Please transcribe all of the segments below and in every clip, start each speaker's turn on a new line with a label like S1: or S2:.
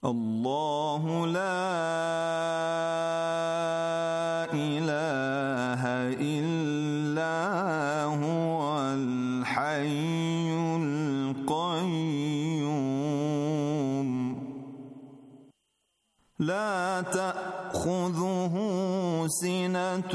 S1: الله لا إله إلا هو الحي القيوم لا تأخذه سنة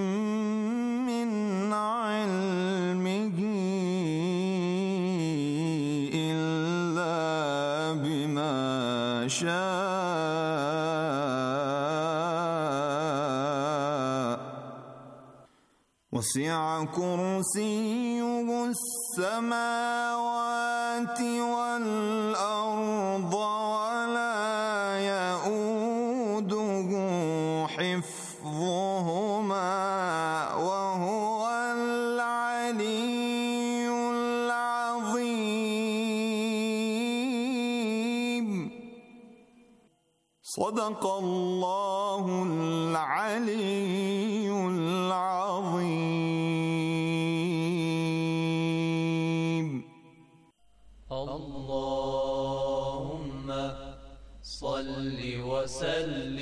S1: وسع كرسيه السماوات وسلم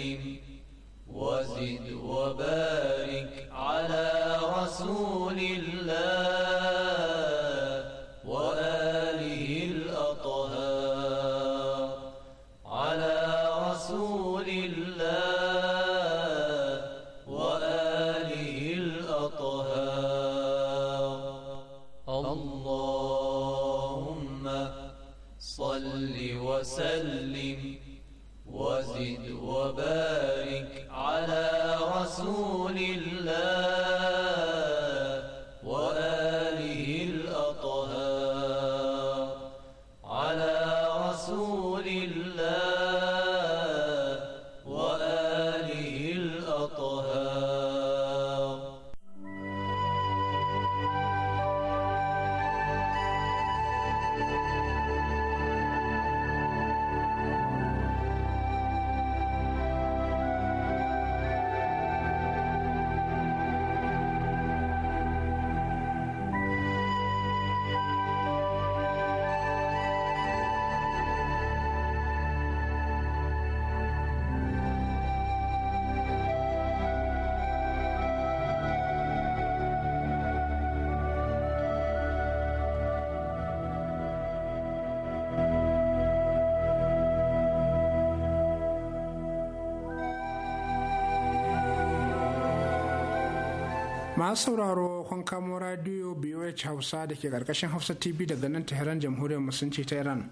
S2: masu sauraro kun kamo radio boh hausa da ke karkashin hausa tv daga nan tehran jamhuriyar musulunci ta iran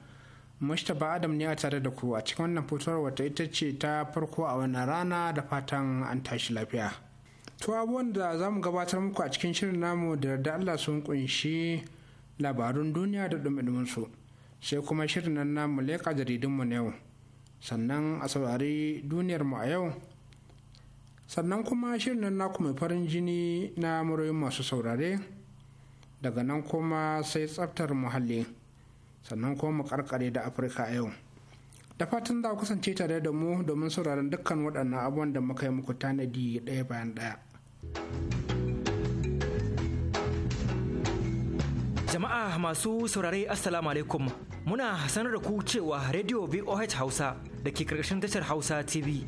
S2: ba adam ne a tare da ku a cikin wannan fitowar wata ita ce ta farko a wannan rana da fatan an tashi lafiya to abubuwan da za mu gabatar muku a cikin shirin namu da da allah sun kunshi labarun duniya da dumin su sai kuma shirin nan namu leƙa jaridunmu na yau sannan a saurari duniyarmu a yau sannan kuma shirin nan naku mai farin jini na muryoyin masu saurare daga nan kuma sai tsaftar muhalli sannan kuma mu karkare da afirka yau da fatan za ku kasance tare da mu domin sauraron dukkan waɗannan abubuwan da muka yi muku tanadi
S3: ɗaya bayan ɗaya jama'a masu saurare assalamu alaikum muna sanar da ku cewa radio voh hausa da ke karkashin tashar hausa tv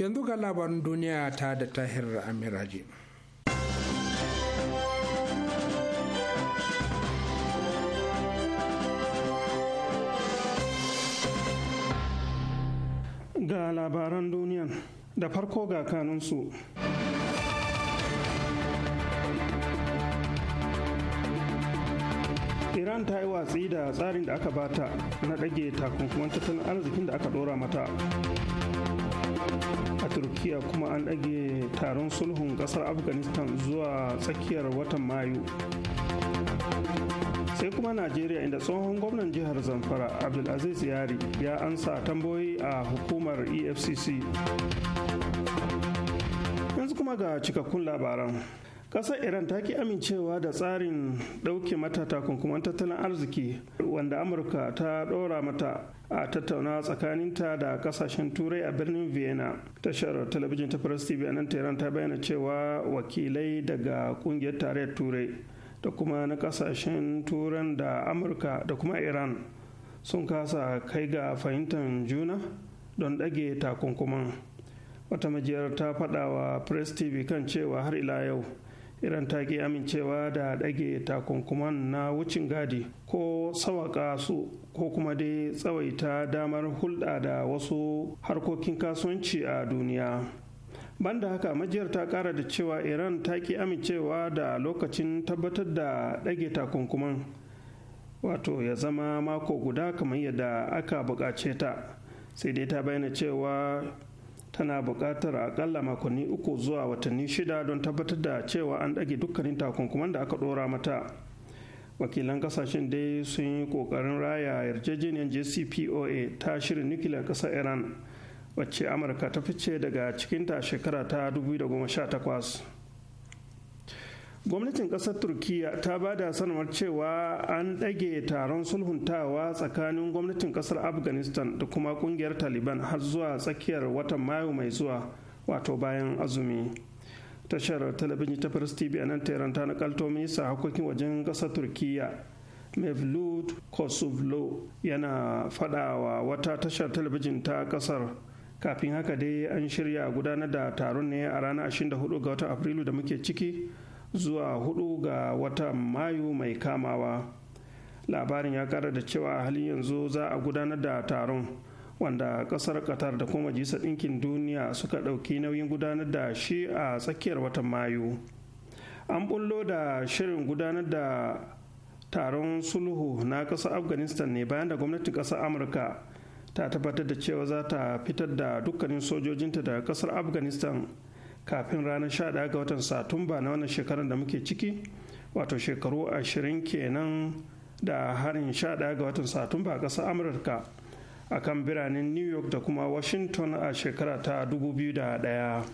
S2: yanzu ga labarin duniya ta da tahir amiraji
S4: ga labaran duniyan da farko ga kanunsu iran ta yi watsi da tsarin da aka bata na ɗage takunkuwan tattalin arzikin da aka ɗora mata tsakiya kuma an ɗage taron sulhun ƙasar afghanistan zuwa tsakiyar watan mayu sai kuma najeriya inda tsohon gwamnan jihar zamfara abdulaziz yari ya ansa tambayoyi a hukumar efcc yanzu kuma ga cikakkun labaran ƙasar iran ta ki amincewa da tsarin ɗauke mata takunkuman tattalin arziki wanda amurka ta ɗora mata a tattauna tsakaninta da kasashen turai a birnin vienna tashar talabijin ta press tv a nan tehran ta bayyana cewa wakilai daga ƙungiyar tarayyar turai da kuma na kasashen turan da amurka da kuma iran sun kasa kai ga fahimtar juna don ɗage takunkuman wata majiyar ta faɗa wa press tv kan cewa har ila yau iran ta ki amincewa da ɗage takunkuman na wucin gadi ko sawaka su ko kuma dai tsawaita damar hulɗa da wasu harkokin kasuwanci a duniya banda haka majiyar ta kara da cewa iran ta ki amincewa da lokacin tabbatar da ɗage takunkuman wato ya zama mako guda kamar yadda aka buƙace ta sai dai ta bayyana cewa tana buƙatar akalla makonni uku zuwa watanni shida don tabbatar da cewa an ɗage dukkanin takunkuman da aka ɗora mata wakilan kasashen dai sun yi ƙoƙarin raya yarjejeniyar jcpoa ta shirin nukiliyar ƙasar iran wacce amurka ta fice daga cikinta shekara ta 2018 gwamnatin ƙasar turkiya ta ba da sanarwar cewa an ɗage taron sulhuntawa tsakanin gwamnatin ƙasar afghanistan da kuma ƙungiyar taliban har zuwa tsakiyar watan mayu mai zuwa wato bayan azumi tashar talabijin ta first tv a nan teran ta nakalto minista harkokin wajen ƙasar turkiya mevlut kosovlo yana faɗawa wata tashar talabijin ta ƙasar kafin haka dai an shirya gudanar da taron ne a ranar 24 ga watan afrilu da muke ciki zuwa hudu ga watan mayu mai kamawa labarin ya kara da cewa halin yanzu za a gudanar da taron wanda kasar qatar da kuma jisa ɗinkin duniya suka ɗauki nauyin gudanar da shi a tsakiyar watan mayu an bullo da shirin gudanar da taron sulhu na ƙasar afghanistan ne bayan da gwamnatin ƙasar amurka ta tabbatar da cewa za ta fitar da dukkanin sojojinta daga ƙasar afghanistan kafin ranar 11 ga watan satumba na wannan shekarar da muke ciki wato shekaru ashirin kenan da harin 11 ga watan satumba a ƙasar amurka a kan biranen new york da kuma washington a shekara ta 2001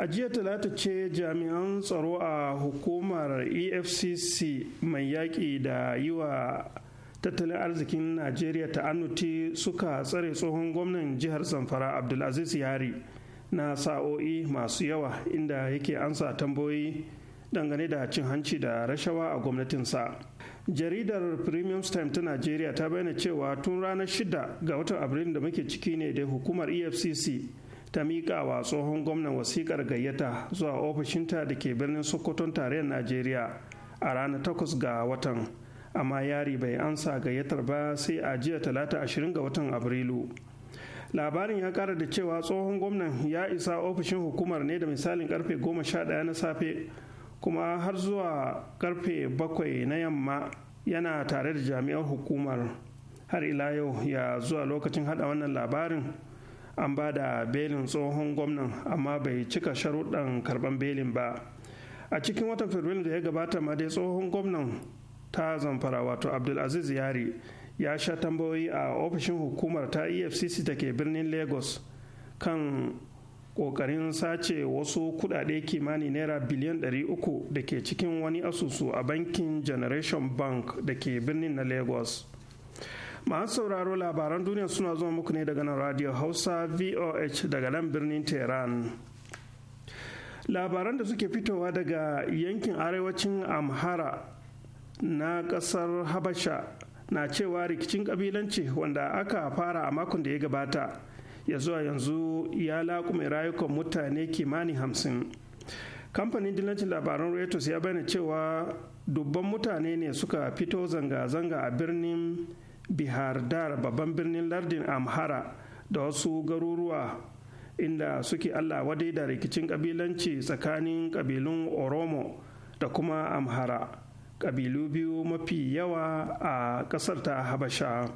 S4: a jiya talata ce jami'an tsaro a hukumar efcc mai yaƙi da yi wa tattalin arzikin najeriya ta annuti suka tsare tsohon gwamnan jihar zamfara abdulaziz yari na sa'o'i masu yawa inda yake ansa tambayoyi dangane da cin hanci da rashawa a gwamnatinsa. jaridar premium time ta najeriya ta bayyana cewa tun ranar 6 ga watan abril da muke ciki ne da hukumar efcc ta miƙa wa tsohon gwamnan wasikar gayyata zuwa ofishinta da ke birnin sokoton tarayyar najeriya a ranar 8 ga watan amma yari bai ansa gayyatar ba sai a jiya talata 20 ga watan abrilu labarin ya kara da cewa tsohon gwamnan ya isa ofishin hukumar ne da misalin karfe 11 na safe kuma har zuwa karfe 7 na yamma yana tare da jami'ar hukumar har ila yau ya zuwa lokacin hada wannan labarin an ba da belin tsohon gwamnan amma bai cika sharuɗan karban belin ba a cikin watan fabrairu da ya gabata ma dai tsohon gwamnan ta zamfara wato abdulaziz yari ya sha tambayoyi a ofishin hukumar ta efcc da ke birnin lagos kan kokarin sace wasu kudade kimanin naira biliyan 300 da ke cikin wani asusu a bankin generation bank da ke birnin na lagos masu sauraro labaran duniya suna zuwa muku ne daga nan radio hausa voh daga nan birnin tehran labaran da suke fitowa daga yankin arewacin amhara na kasar habasha na cewa rikicin kabilanci wanda aka fara a makon da ya gabata ya zuwa yanzu ya laƙume rayukan mutane kimanin hamsin kamfanin dillancin labaran reuters ya bayyana cewa dubban mutane ne suka fito zanga-zanga a birnin bihardar babban birnin lardin amhara da wasu garuruwa inda suke allah wadai da rikicin kabilanci tsakanin kabilun oromo da kuma amhara Kabilu biyu mafi yawa a ƙasar ta habasha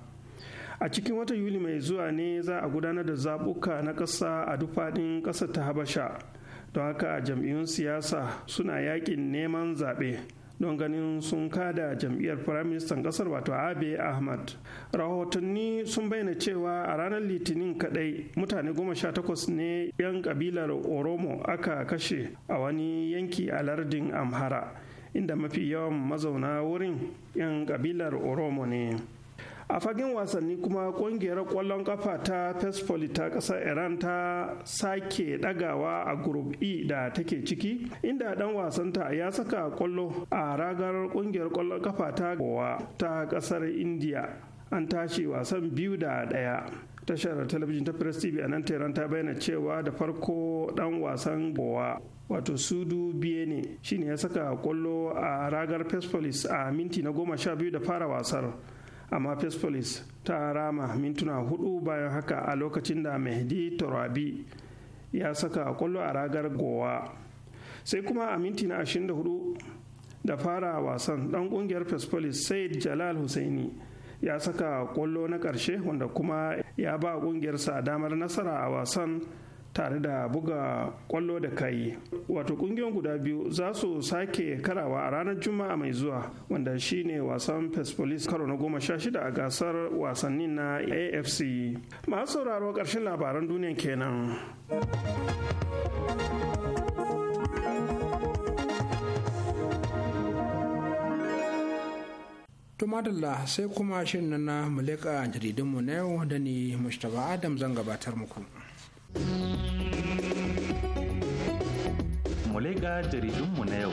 S4: a cikin watan yuli mai zuwa ne za a gudanar da zaɓuka na ƙasa a duk faɗin ƙasar ta habasha don haka jam'iyyun siyasa suna yakin neman zaɓe don ganin sun kada jam'iyyar firaministan ƙasar wato abe ahmad rahotanni sun bayyana cewa a ranar litinin kaɗai, mutane goma sha takwas ne 'yan ƙabilar oromo aka kashe a wani yanki a lardin amhara inda mafi yawan mazauna wurin 'yan kabilar oromo ne a fagen wasanni kuma kungiyar kwallon kafa ta fesfoli ta ƙasar iran ta sake ɗagawa a group e da take ciki inda ɗan wasanta ya saka kwallo a ragar kungiyar kwallon kafa ta gowa ta kasar india an tashi wasan biyu da ɗaya. tashar talabijin ta press tv a nan tehran ta bayyana cewa da farko ɗan wasan gowa wato sudu shi shine ya saka kwallo a ragar persepolis a minti na goma sha biyu da fara wasar amma persepolis ta rama mintuna hudu bayan haka a lokacin da mehdi torabi ya saka kwallo a ragar gowa sai kuma a minti na 24 da fara wasan dan kungiyar persepolis said jalal husaini ya saka kwallo na karshe wanda kuma ya ba kungiyarsa damar nasara a wasan tare da buga kwallo da kai wato kungiyoyin guda biyu za su sake karawa a ranar juma'a mai zuwa wanda shine wasan persepolis karo na goma sha shida a gasar wasannin na afc masu sauraro ƙarshen labaran duniya kenan
S2: To madalla sai kuma shirin na muleka jaridunmu na yau da ni Mustapha Adam zan gabatar muku.
S5: Mulega
S1: jaridunmu na yau.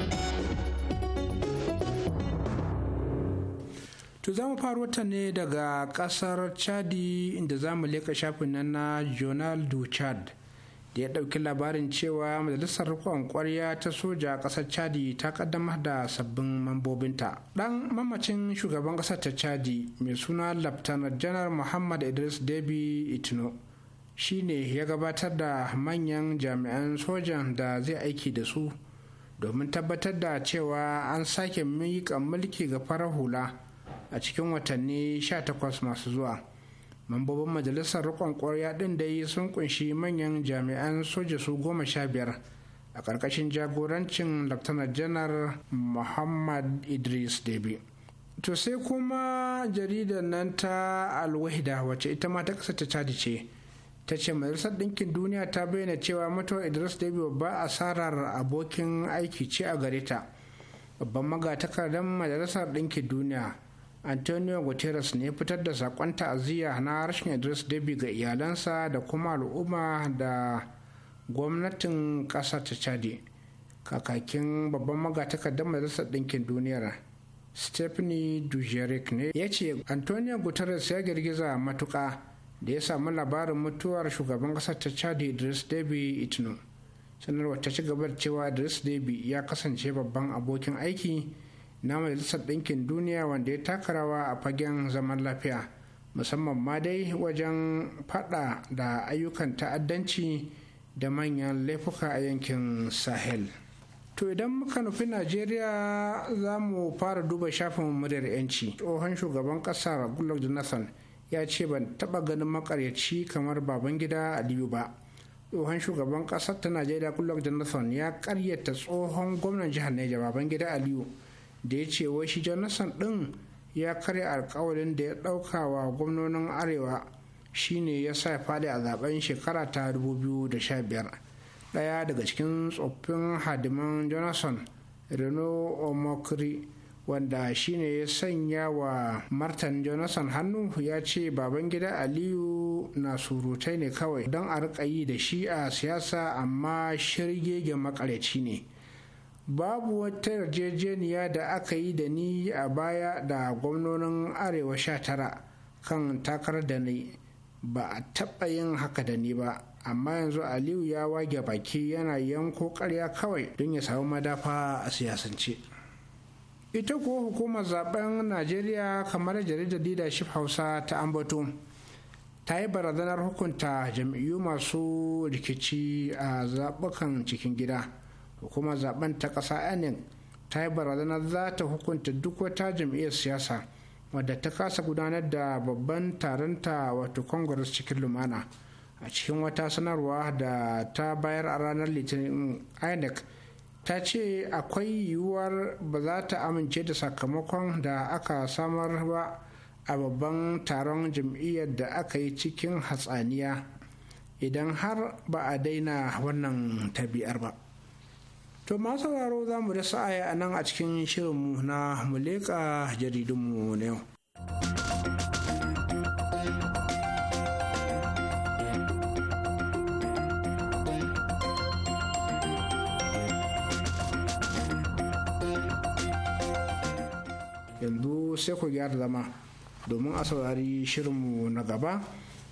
S2: To za mu faro wata ne daga kasar Chadi inda za mu leka shafin nan na Journal du Chad da ya ɗauki labarin cewa majalisar rikon kwarya ta soja ƙasar Chadi ta kaddamar da sabbin mambobinta. Ɗan mamacin shugaban ƙasar ta Chadi mai suna Laftanar Janar Muhammad Idris Debi Itno. shine ya gabatar da manyan jami'an sojan da zai aiki da su domin tabbatar da cewa an sake miƙa mulki ga farar hula a cikin watanni 18 masu zuwa mambobin majalisar rikon ƙwarya ɗin dai sun kunshi manyan jami'an soja su goma sha biyar a ƙarƙashin jagorancin laftanar janar muhammad idris debi to sai kuma jaridar nan ta alwahida wacce ita ma ta ƙasa ta ce ta ce majalisar ɗinkin duniya ta bayyana cewa mutuwar idris debi babba asarar abokin aiki ce a gare ta babban magatakardar majalisar ɗinkin duniya antonio guterres ne fitar da saƙon ta'aziyya na harshen idris debi ga iyalansa da kuma al'umma da gwamnatin ƙasar ta chadi kakakin babban magatakardar majalisar ɗinkin duniyar stephanie dujeric ne ya ce antonio guterres ya girgiza matuƙa da ya samu labarin mutuwar shugaban ƙasar ta chad idris debi itno sanarwar ta ci gaba da cewa idris debi ya kasance babban abokin aiki na majalisar ɗinkin duniya wanda ya taka rawa a fagen zaman lafiya musamman ma dai wajen fada da ayyukan ta'addanci da manyan laifuka a yankin sahel to idan muka nufi najeriya za mu fara duba shafin muryar yanci tsohon shugaban kasar goodluck jonathan ya ce ban taɓa ganin makaryaci kamar baban babangida aliyu ba tsohon shugaban ƙasar ta najeriya goodluck jonathan ya karyata tsohon gwamnan jihar neja babangida aliyu da ya ce wai shi jonathan ɗin ya karya alkawarin da ya ɗauka wa gwamnonin arewa shine ya sa fadi a zaben shekara ta 2015 ɗaya daga cikin tsoffin hadiman jonathan reno omokri wanda shi ne ya sanya wa martan jonathan hannu ya ce baban gida aliyu na surutai ne kawai don a rika yi da shi a siyasa amma shirgege makareci ne babu wata yarjejeniya da aka yi da ni a baya da gwamnonin arewa sha tara kan takarar da ni ba a taɓa yin haka da ni ba amma yanzu aliyu ya wage baki yana yanko karya kawai don ya samu madafa a siyasance ita kuwa hukumar zaben najeriya kamar jaridar shif hausa ta ambato ta yi barazanar hukunta jam'iyyu masu rikici a zaɓukan cikin gida hukumar zaben ta ƙasa enin ta yi barazanar za ta hukunta duk wata jam'iyyar siyasa wadda ta kasa gudanar da babban taronta wato congress cikin lumana a cikin wata sanarwa da ta bayar a ranar litinin inec ta ce akwai yiwuwar ba za ta amince da sakamakon da aka samar ba a babban taron jam'iyyar da aka yi cikin hatsaniya idan har ba a daina wannan tabi'ar ba to masu sauraro za mu da sa'aya a nan a cikin shirinmu na mu leƙa jaridunmu na yau sai ku gyara zama domin a saurari shirinmu na gaba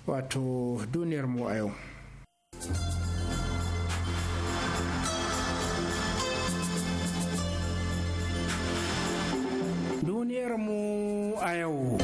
S2: wato duniyarmu a yau.
S5: Duniyarmu a yau.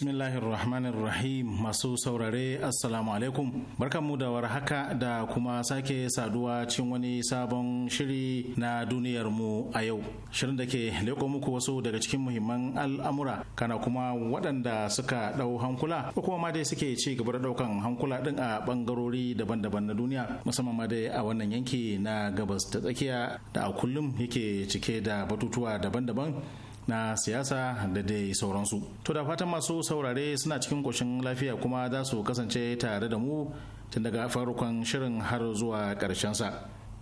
S5: Bismillahirrahmanirrahim masu saurare Assalamu alaikum barkanmu da warhaka da kuma sake saduwa cikin wani sabon shiri na duniyar mu a yau shirin da ke leko muku wasu daga cikin muhimman al'amura kana kuma waɗanda suka ɗau hankula ko kuma ma dai suke ci gaba da ɗaukan hankula ɗin a ɓangarori daban-daban na duniya musamman ma dai a wannan yanki na gabas ta tsakiya da a kullum yake cike da batutuwa daban-daban na siyasa da dai sauransu to da fatan masu saurare suna cikin ƙoshin lafiya kuma za su kasance tare da mu tun daga farkon shirin har zuwa ƙarshen sa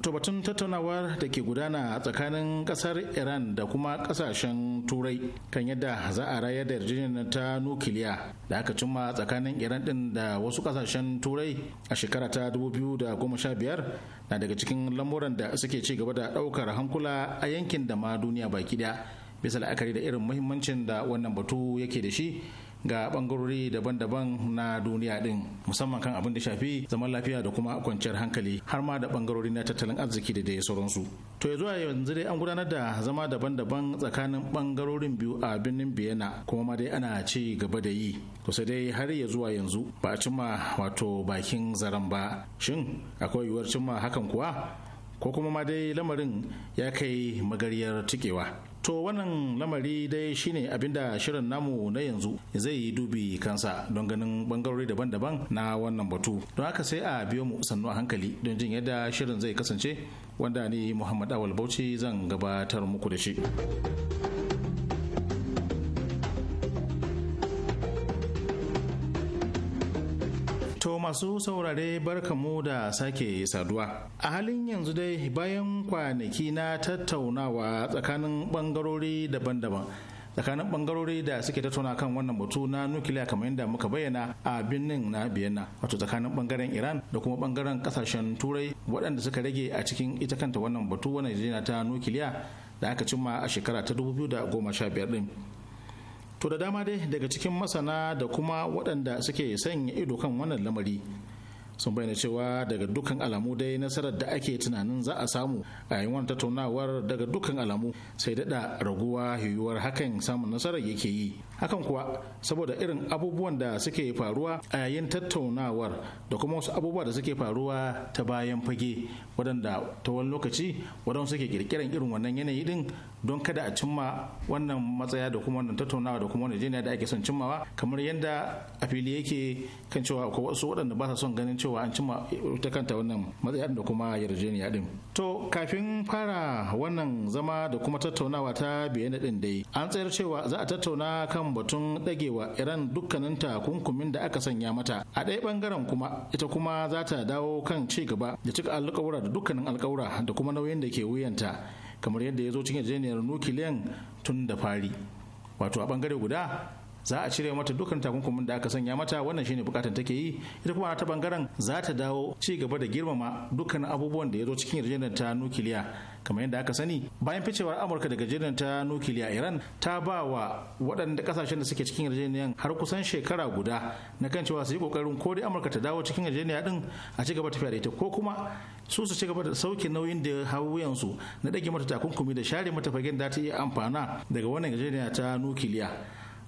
S5: to batun tattaunawar da ke gudana a tsakanin kasar iran da kuma kasashen turai kan yadda za a rayar da yarjejeniyar ta nukiliya da aka cimma tsakanin iran din da wasu kasashen turai a shekara ta 2015 na daga cikin lamuran da suke ci gaba da ɗaukar hankula a yankin da ma duniya baki daya bisa la'akari da irin muhimmancin da wannan batu yake da shi ga bangarori daban-daban na duniya din musamman kan abin da shafi zaman lafiya da kuma kwanciyar hankali har ma da bangarori na tattalin arziki da dai sauransu to zuwa yanzu dai an gudanar da zama daban-daban tsakanin bangarorin biyu a birnin biyana kuma ma dai ana ci gaba da yi to sai dai har ya zuwa yanzu ba a cimma wato bakin zaren ba shin akwai yiwuwar cimma hakan kuwa ko kuma ma dai lamarin ya kai magariyar tikewa To wannan lamari dai shine abinda shirin namu na yanzu zai yi dubi kansa don ganin bangarori daban-daban na wannan batu. Don haka sai a biyo mu sannu a hankali don jin yadda shirin zai kasance wanda ni Muhammad Awal Bauchi zan gabatar muku da shi. masu saurare barkamu da sake saduwa. A halin yanzu dai bayan kwanaki na tattaunawa tsakanin bangarori daban-daban. tsakanin bangarori da suke tattauna kan wannan batu na nukiliya kamar yadda muka bayyana a birnin na biyanna wato tsakanin bangaren iran da kuma bangaren kasashen turai waɗanda suka rage a cikin ita kanta wannan batu wannan jina ta nukiliya da aka cimma a shekara ta 2015 din to da dama dai daga cikin masana da kuma waɗanda suke sanya ido kan wannan lamari sun bayyana cewa daga dukkan alamu dai nasarar da ake tunanin za a samu a yayin wani tattaunawar daga dukkan alamu sai daɗa raguwa yiwuwar hakan samun nasarar yake yi hakan kuwa saboda irin abubuwan da suke faruwa a yayin tattaunawar da kuma wasu abubuwa da suke faruwa ta bayan fage waɗanda ta wani lokaci waɗanda suke kirkiran irin wannan yanayi din don kada a cimma wannan matsaya da kuma wannan tattaunawa da kuma wannan jiniya da ake son cimmawa kamar yadda a fili yake kan cewa ko wasu waɗanda ba sa son ganin cewa an cimma ta kanta wannan matsaya da kuma yarjejeniya din to kafin fara wannan zama da kuma tattaunawa ta biyan din dai an tsayar cewa za a tattauna kan batun dagewa iran dukkanin takunkumin da aka sanya mata a ɗaya bangaren kuma ita kuma za ta dawo kan ci gaba da cika alƙawura da dukkanin alƙawura da kuma nauyin da ke wuyanta kamar yadda ya zo cikin yarjejeniyar nukiliyan tun da fari wato a bangare guda za a cire mata dukkan takunkumin da aka sanya mata wannan shine bukatar take yi ita kuma ta bangaren za ta dawo ci gaba da girmama dukkan abubuwan da ya zo cikin yarjejeniyar ta nukiliya kamar yadda aka sani bayan ficewar amurka daga yarjejeniyar ta nukiliya iran ta ba wa waɗanda kasashen da suke cikin yarjejeniyar har kusan shekara guda na kan cewa su yi kokarin ko dai amurka ta dawo cikin yarjejeniyar din a ci gaba tafiya da ita ko kuma su su ci gaba da sauke nauyin da hau wuyansu na ɗage mata takunkumi da share mata fagen da ta iya amfana daga wannan yarjejeniya ta nukiliya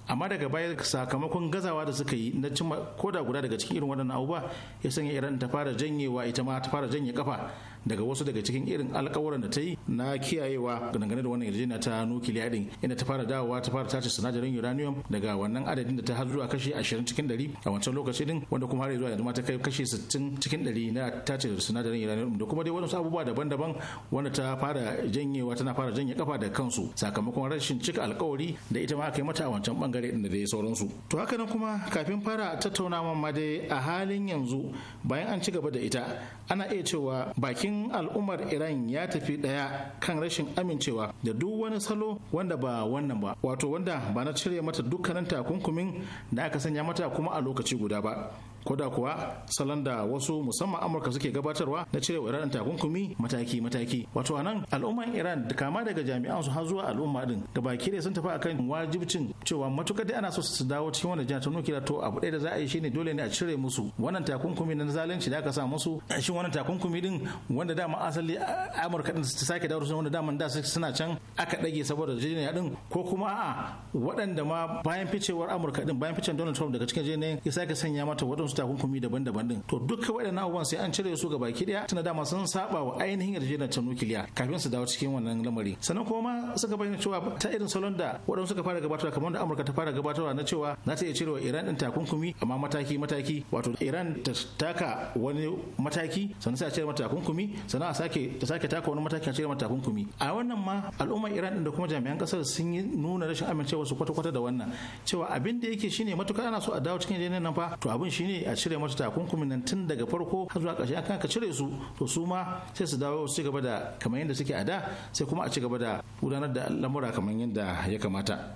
S5: amma daga baya sakamakon gazawa da suka yi na cimma koda guda daga cikin irin waɗannan abubuwa ya sanya iran ta fara janyewa ita ma ta fara janye kafa daga wasu daga cikin irin alkawuran da ta yi na kiyayewa dangane da wannan yarjejeniya ta nukiliya din inda ta fara dawowa ta fara tace sinadarin uranium daga wannan adadin da ta har zuwa kashi 20 cikin 100 a wancan lokaci din wanda kuma har zuwa yanzu ma ta kai kashi 60 cikin 100 na tace sinadarin uranium da kuma dai wasu abubuwa daban-daban wanda ta fara janyewa tana fara janye kafa da kansu sakamakon rashin cika alkawari da ita ma aka yi mata a wancan bangare din da dai sauransu to haka nan kuma kafin fara tattaunawa ma dai a halin yanzu bayan an ci gaba da ita ana iya cewa bakin in al'ummar iran ya tafi daya kan rashin amincewa da duk wani salo wanda ba wannan ba wato wanda ba na cire mata dukkanin takunkumin da aka sanya mata kuma a lokaci guda ba koda kuwa salon da wasu musamman amurka suke gabatarwa na cire wa takunkumi mataki-mataki wato anan al'umman iran da kama daga jami'an su har zuwa al'umma din da baki da sun tafi akan wajibcin cewa matukar da ana so su dawo cikin wannan jihar ta nukiliya to abu ɗaya da za a yi shine dole ne a cire musu wannan takunkumi na zalunci da aka sa musu shin wannan takunkumi din wanda dama asali amurka din ta sake dawo wanda dama da suna can aka ɗage saboda jiniya din ko kuma a'a waɗanda ma bayan ficewar amurka din bayan ficewar donald trump daga cikin jiniya ya sake sanya mata waɗansu musu takunkumi daban-daban din to dukkan waɗannan abubuwan sai an cire su ga baki daya tana dama sun saba wa ainihin yarjejeniyar ta nukiliya kafin su dawo cikin wannan lamari sannan kuma suka bayyana cewa ta irin salon da waɗanda suka fara gabatarwa kamar da Amurka ta fara gabatarwa na cewa za ta iya cirewa Iran din takunkumi amma mataki mataki wato Iran ta taka wani mataki sannan sai a cire mata takunkumi sannan a sake ta sake taka wani mataki a cire mata takunkumi a wannan ma al'ummar Iran din da kuma jami'an kasar sun yi nuna rashin amincewa su kwata-kwata da wannan cewa abin da yake shine matukar ana so a dawo cikin yarjejeniyar nan fa to abin shine a cire mata takunkumin nan tun daga farko har zuwa ƙarshe akan ka cire su to su ma sai su dawo su gaba da kamar yadda suke a da sai kuma a ci gaba da gudanar da lamura kamar yadda ya kamata.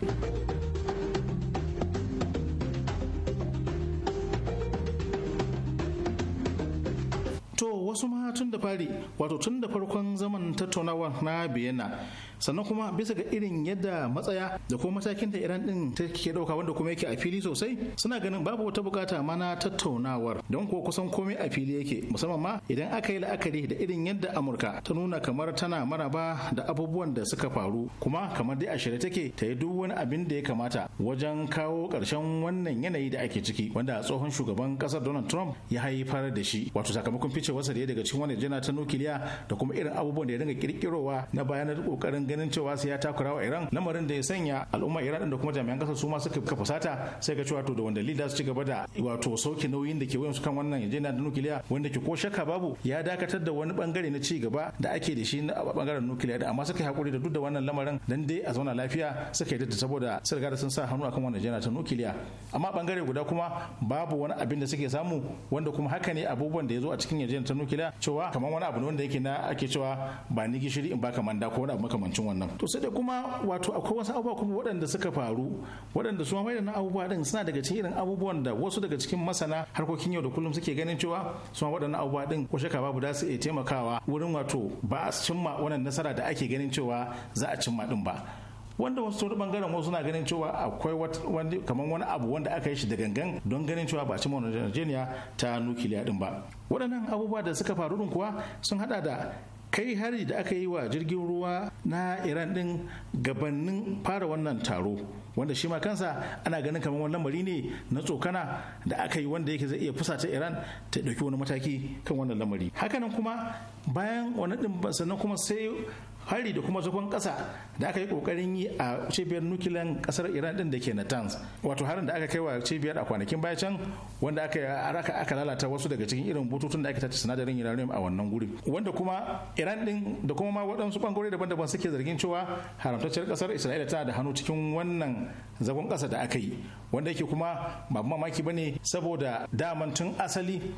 S5: fari wato tun da farkon zaman tattaunawar na biyana sannan kuma bisa ga irin yadda matsaya da kuma matakin da iran din ke dauka wanda kuma yake a fili sosai suna ganin babu wata bukata mana tattaunawar don ko kusan komai a fili yake musamman ma idan aka yi la'akari da irin yadda amurka ta nuna kamar tana maraba da abubuwan da suka faru kuma kamar dai a shirye take ta yi duk wani abin da ya kamata wajen kawo ƙarshen wannan yanayi da ake ciki wanda tsohon shugaban ƙasar donald trump ya haifar da shi wato sakamakon ficewarsa da ya daga cikin wani magana ta nukiliya da kuma irin abubuwan da ya dinga kirkirowa na bayanan kokarin ganin cewa sai ya takura wa Iran lamarin da ya sanya al'umma Iran din da kuma jami'an kasar su ma suka fusata sai ga cewa to da wanda leader su ci gaba da wato sauke nauyin da ke wayansu kan wannan yarjejeniya da nukiliya wanda ke ko shakka babu ya dakatar da wani bangare na ci gaba da ake da shi na bangaren nukiliya da amma suka yi hakuri da duk da wannan lamarin dan dai a zauna lafiya suka yi da saboda sun riga da sun sa hannu akan wannan yarjejeniya ta nukiliya amma bangare guda kuma babu wani abin da suke samu wanda kuma haka ne abubuwan da ya zo a cikin yarjejeniya ta nukiliya cewa kamar wani abu ne wanda yake na ake cewa ba ni gishiri in baka manda ko wani abu makamancin wannan to sai da kuma wato akwai wasu abubuwa kuma waɗanda suka faru waɗanda su ma da abubuwa din suna daga cikin irin abubuwan da wasu daga cikin masana harkokin yau da kullum suke ganin cewa su ma waɗannan abubuwa din ko shaka babu da su iya taimakawa wurin wato ba a cimma wannan nasara da ake ganin cewa za a cimma din ba wanda wasu wani bangaren wasu na ganin cewa akwai wani kamar wani abu wanda aka yi shi da gangan don ganin cewa ba a cimma Najeriya ta nukiliya din ba waɗannan abubuwa da suka faru din kuwa sun hada da kai hari da aka yi wa jirgin ruwa na iran din gabanin fara wannan taro wanda shi ma kansa ana ganin kamar wani lamari ne na tsokana da aka yi wanda yake zai iya fusata iran ta ɗauki wani mataki kan wannan lamari hakanan kuma bayan wani ɗin sannan kuma sai hari da kuma zagon ƙasa da aka yi kokarin yi a cibiyar nukilan kasar iran din da ke natanz wato harin da aka kai wa cibiyar a kwanakin baya can wanda aka raka aka lalata wasu daga cikin irin bututun da aka tace sinadarin uranium a wannan guri wanda kuma iran ɗin da kuma ma waɗansu ɓangarori daban-daban suke zargin cewa haramtacciyar kasar isra'ila tana da hannu cikin wannan zagon kasa da aka yi wanda yake kuma ba mamaki ba ne saboda daman tun asali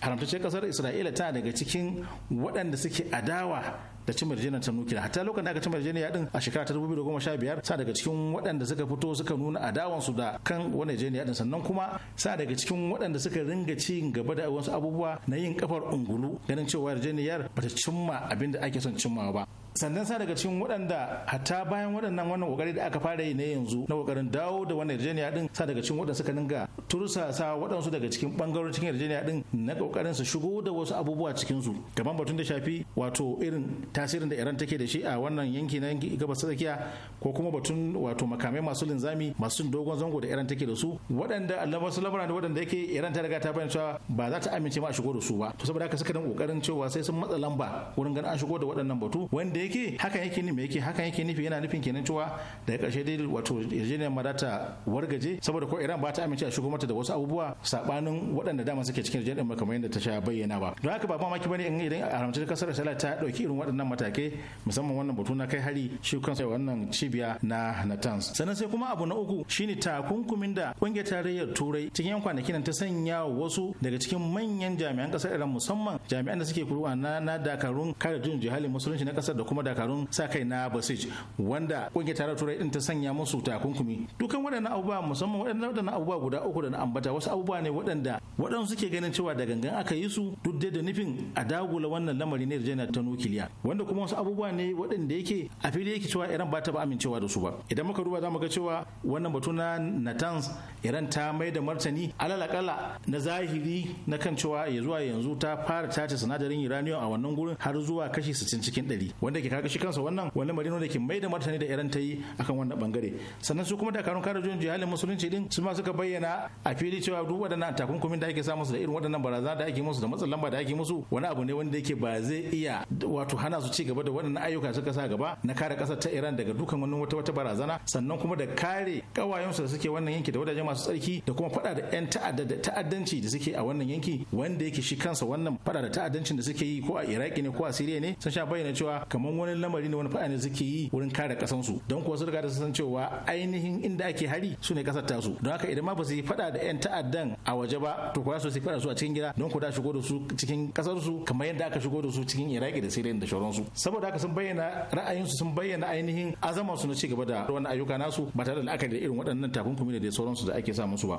S5: haramtacciyar kasar isra'ila tana daga cikin waɗanda suke adawa da cimar jinin ta nukila. hatta lokacin da aka cimar ya din a shekara ta 2015 sa daga cikin waɗanda suka fito suka nuna adawansu da kan wani jiniya din sannan kuma sa daga cikin waɗanda suka ringa ci gaba da wasu abubuwa na yin kafar ungulu ganin cewa yar bata cimma abin da ake son cimma ba sannan sa daga cikin waɗanda hatta bayan waɗannan wannan kokari da aka fara yi ne yanzu na kokarin dawo da wannan yarjejeniya din sa daga cikin waɗanda suka dinga tursa sa waɗansu daga cikin bangarorin cikin yarjejeniya din na kokarin su shigo da wasu abubuwa cikin su gaban batun da shafi wato irin tasirin da Iran take da shi a wannan yanki na gabas tsakiya ko kuma batun wato makamai masu linzami masu dogon zango da Iran take da su waɗanda Allah wasu labaran da waɗanda yake Iran ta riga ta bayyana cewa ba za ta amince ma a shigo da su ba to saboda haka suka dan kokarin cewa sai sun matsa lamba wurin ganin an shigo da waɗannan batu wanda yake haka yake yake haka yake nufi yana nufin kenan cewa daga karshe dai wato yarjejeniya ma za ta wargaje saboda ko Iran ba ta amince a shugo mata da wasu abubuwa sabanin waɗanda dama suke cikin yarjejeniyar kamar yadda ta sha bayyana ba don haka ba mamaki bane in idan haramcin kasar Isra'ila ta dauki irin waɗannan matakai musamman wannan batu na kai hari shi kansa wannan cibiya na Natanz sannan sai kuma abu na uku shine takunkumin da kungiyar tarayyar Turai cikin yan kwanakin ta sanya wasu daga cikin manyan jami'an kasar Iran musamman jami'an da suke kuruwa na dakarun kare jin jihalin musulunci na kasar da kuma dakarun sa kai na basij wanda kungiyar tarar turai din ta sanya musu takunkumi dukan waɗannan abubuwa musamman waɗannan abubuwa guda uku da na ambata wasu abubuwa ne waɗanda waɗansu suke ganin cewa da gangan aka yi su duk da nufin a dagula wannan lamari ne da ta nukiliya wanda kuma wasu abubuwa ne waɗanda yake a fili yake cewa iran ba ta ba amincewa da su ba idan muka duba za mu ga cewa wannan batu na natanz iran ta mai da martani alalakala na zahiri na kan cewa ya zuwa yanzu ta fara tace sinadarin uranium a wannan gurin har zuwa kashi 60 cikin 100 wanda ke ka shi kansa wannan wani marino da ke mai da martani da iran ta yi akan wannan bangare sannan su kuma dakarun kare juyin jihalin musulunci din su ma suka bayyana a fili cewa duk waɗannan takunkumin da ake sa musu da irin waɗannan barazana da ake musu da matsin lamba da ake musu wani abu ne wanda yake ba zai iya wato hana su ci gaba da waɗannan ayyuka suka sa gaba na kare ƙasar ta iran daga dukan wani wata wata barazana sannan kuma da kare kawayensu da suke wannan yanki da wadajen masu tsarki da kuma faɗa da 'yan ta'addanci da suke a wannan yanki wanda yake shi kansa wannan faɗa da ta'addancin da suke yi ko a iraki ne ko a siriya ne sun sha bayyana cewa kamar kaman wani lamari ne wani faɗa ne suke yi wurin kare kasansu don kuwa su riga da san cewa ainihin inda ake hari su ne kasar tasu don haka idan ma ba su yi fada da 'yan ta'addan a waje ba to kuwa su su faɗa su a cikin gida don ku da shigo da su cikin kasarsu kamar yadda aka shigo da su cikin iraki da siriya da sauransu saboda haka sun bayyana ra'ayinsu sun bayyana ainihin azama su na ci gaba da wannan ayyuka nasu ba tare da la'akari da irin waɗannan takunkumi da sauransu da ake sa musu ba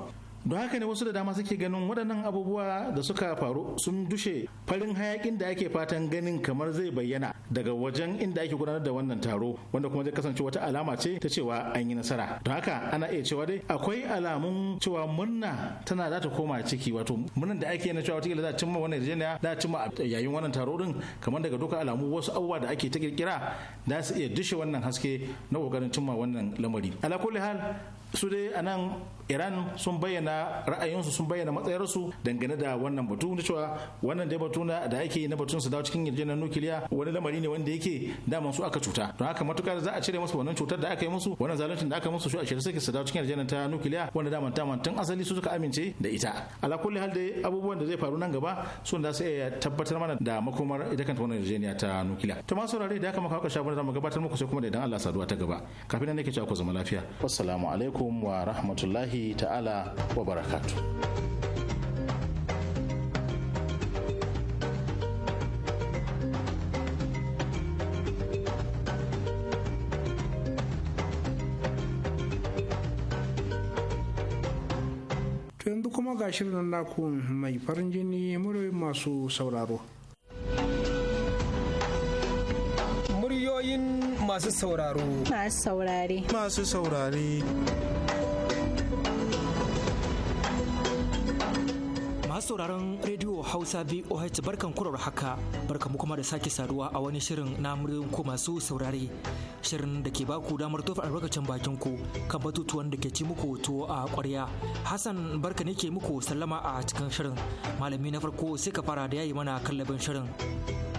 S5: don haka ne wasu da dama suke ganin waɗannan abubuwa da suka faru sun dushe farin hayakin da ake fatan ganin kamar zai bayyana daga wajen inda ake gudanar da wannan taro wanda kuma zai kasance wata alama ce ta cewa an yi nasara don haka ana iya cewa dai akwai alamun cewa murna tana za ta koma ciki wato murnan da ake na cewa wata za a cimma wannan yarjejeniya za a cimma yayin wannan taro din kamar daga duka alamu wasu abubuwa da ake ta kirkira za su iya dushe wannan haske na kokarin cimma wannan lamari ala kulli hal su dai nan iran sun bayyana da ra'ayinsu sun bayyana matsayarsu dangane da wannan batu da cewa wannan dai batu na da ake na batun su dawo cikin yarjejeniyar nukiliya wani lamari ne wanda yake dama su aka cuta don haka matukar za a cire musu wannan cutar da aka yi musu wannan zaluncin da aka musu shi a shirye suke su dawo cikin yarjejeniyar ta nukiliya wanda dama dama tun asali su suka amince da ita ala kulli hal dai abubuwan da zai faru nan gaba sun da su iya tabbatar mana da makomar ita kanta wannan yarjejeniya ta nukiliya to ma saurare da aka maka shafin da zamu gabatar muku sai kuma da idan Allah saduwa ta gaba kafin nan nake cewa ku zama lafiya assalamu alaikum wa rahmatullahi ta'ala wa wa barakatu.
S2: To yanzu kuma ga shirin naku mai farin jini muryoyin masu sauraro. Muryoyin masu sauraro.
S1: Masu saurare. Masu
S3: saurare. sauraron Radio Hausa VOH barkan kurar haka barka mu kuma da sake saduwa a wani shirin na muryoyin ku masu saurare shirin da ke baku damar tofa albarkacin bakin ku kan batutuwan da ke ci muku tuwo a ƙwarya. Hassan barka ne ke muku sallama a cikin shirin malami na farko sai ka fara da yayi mana kallabin shirin.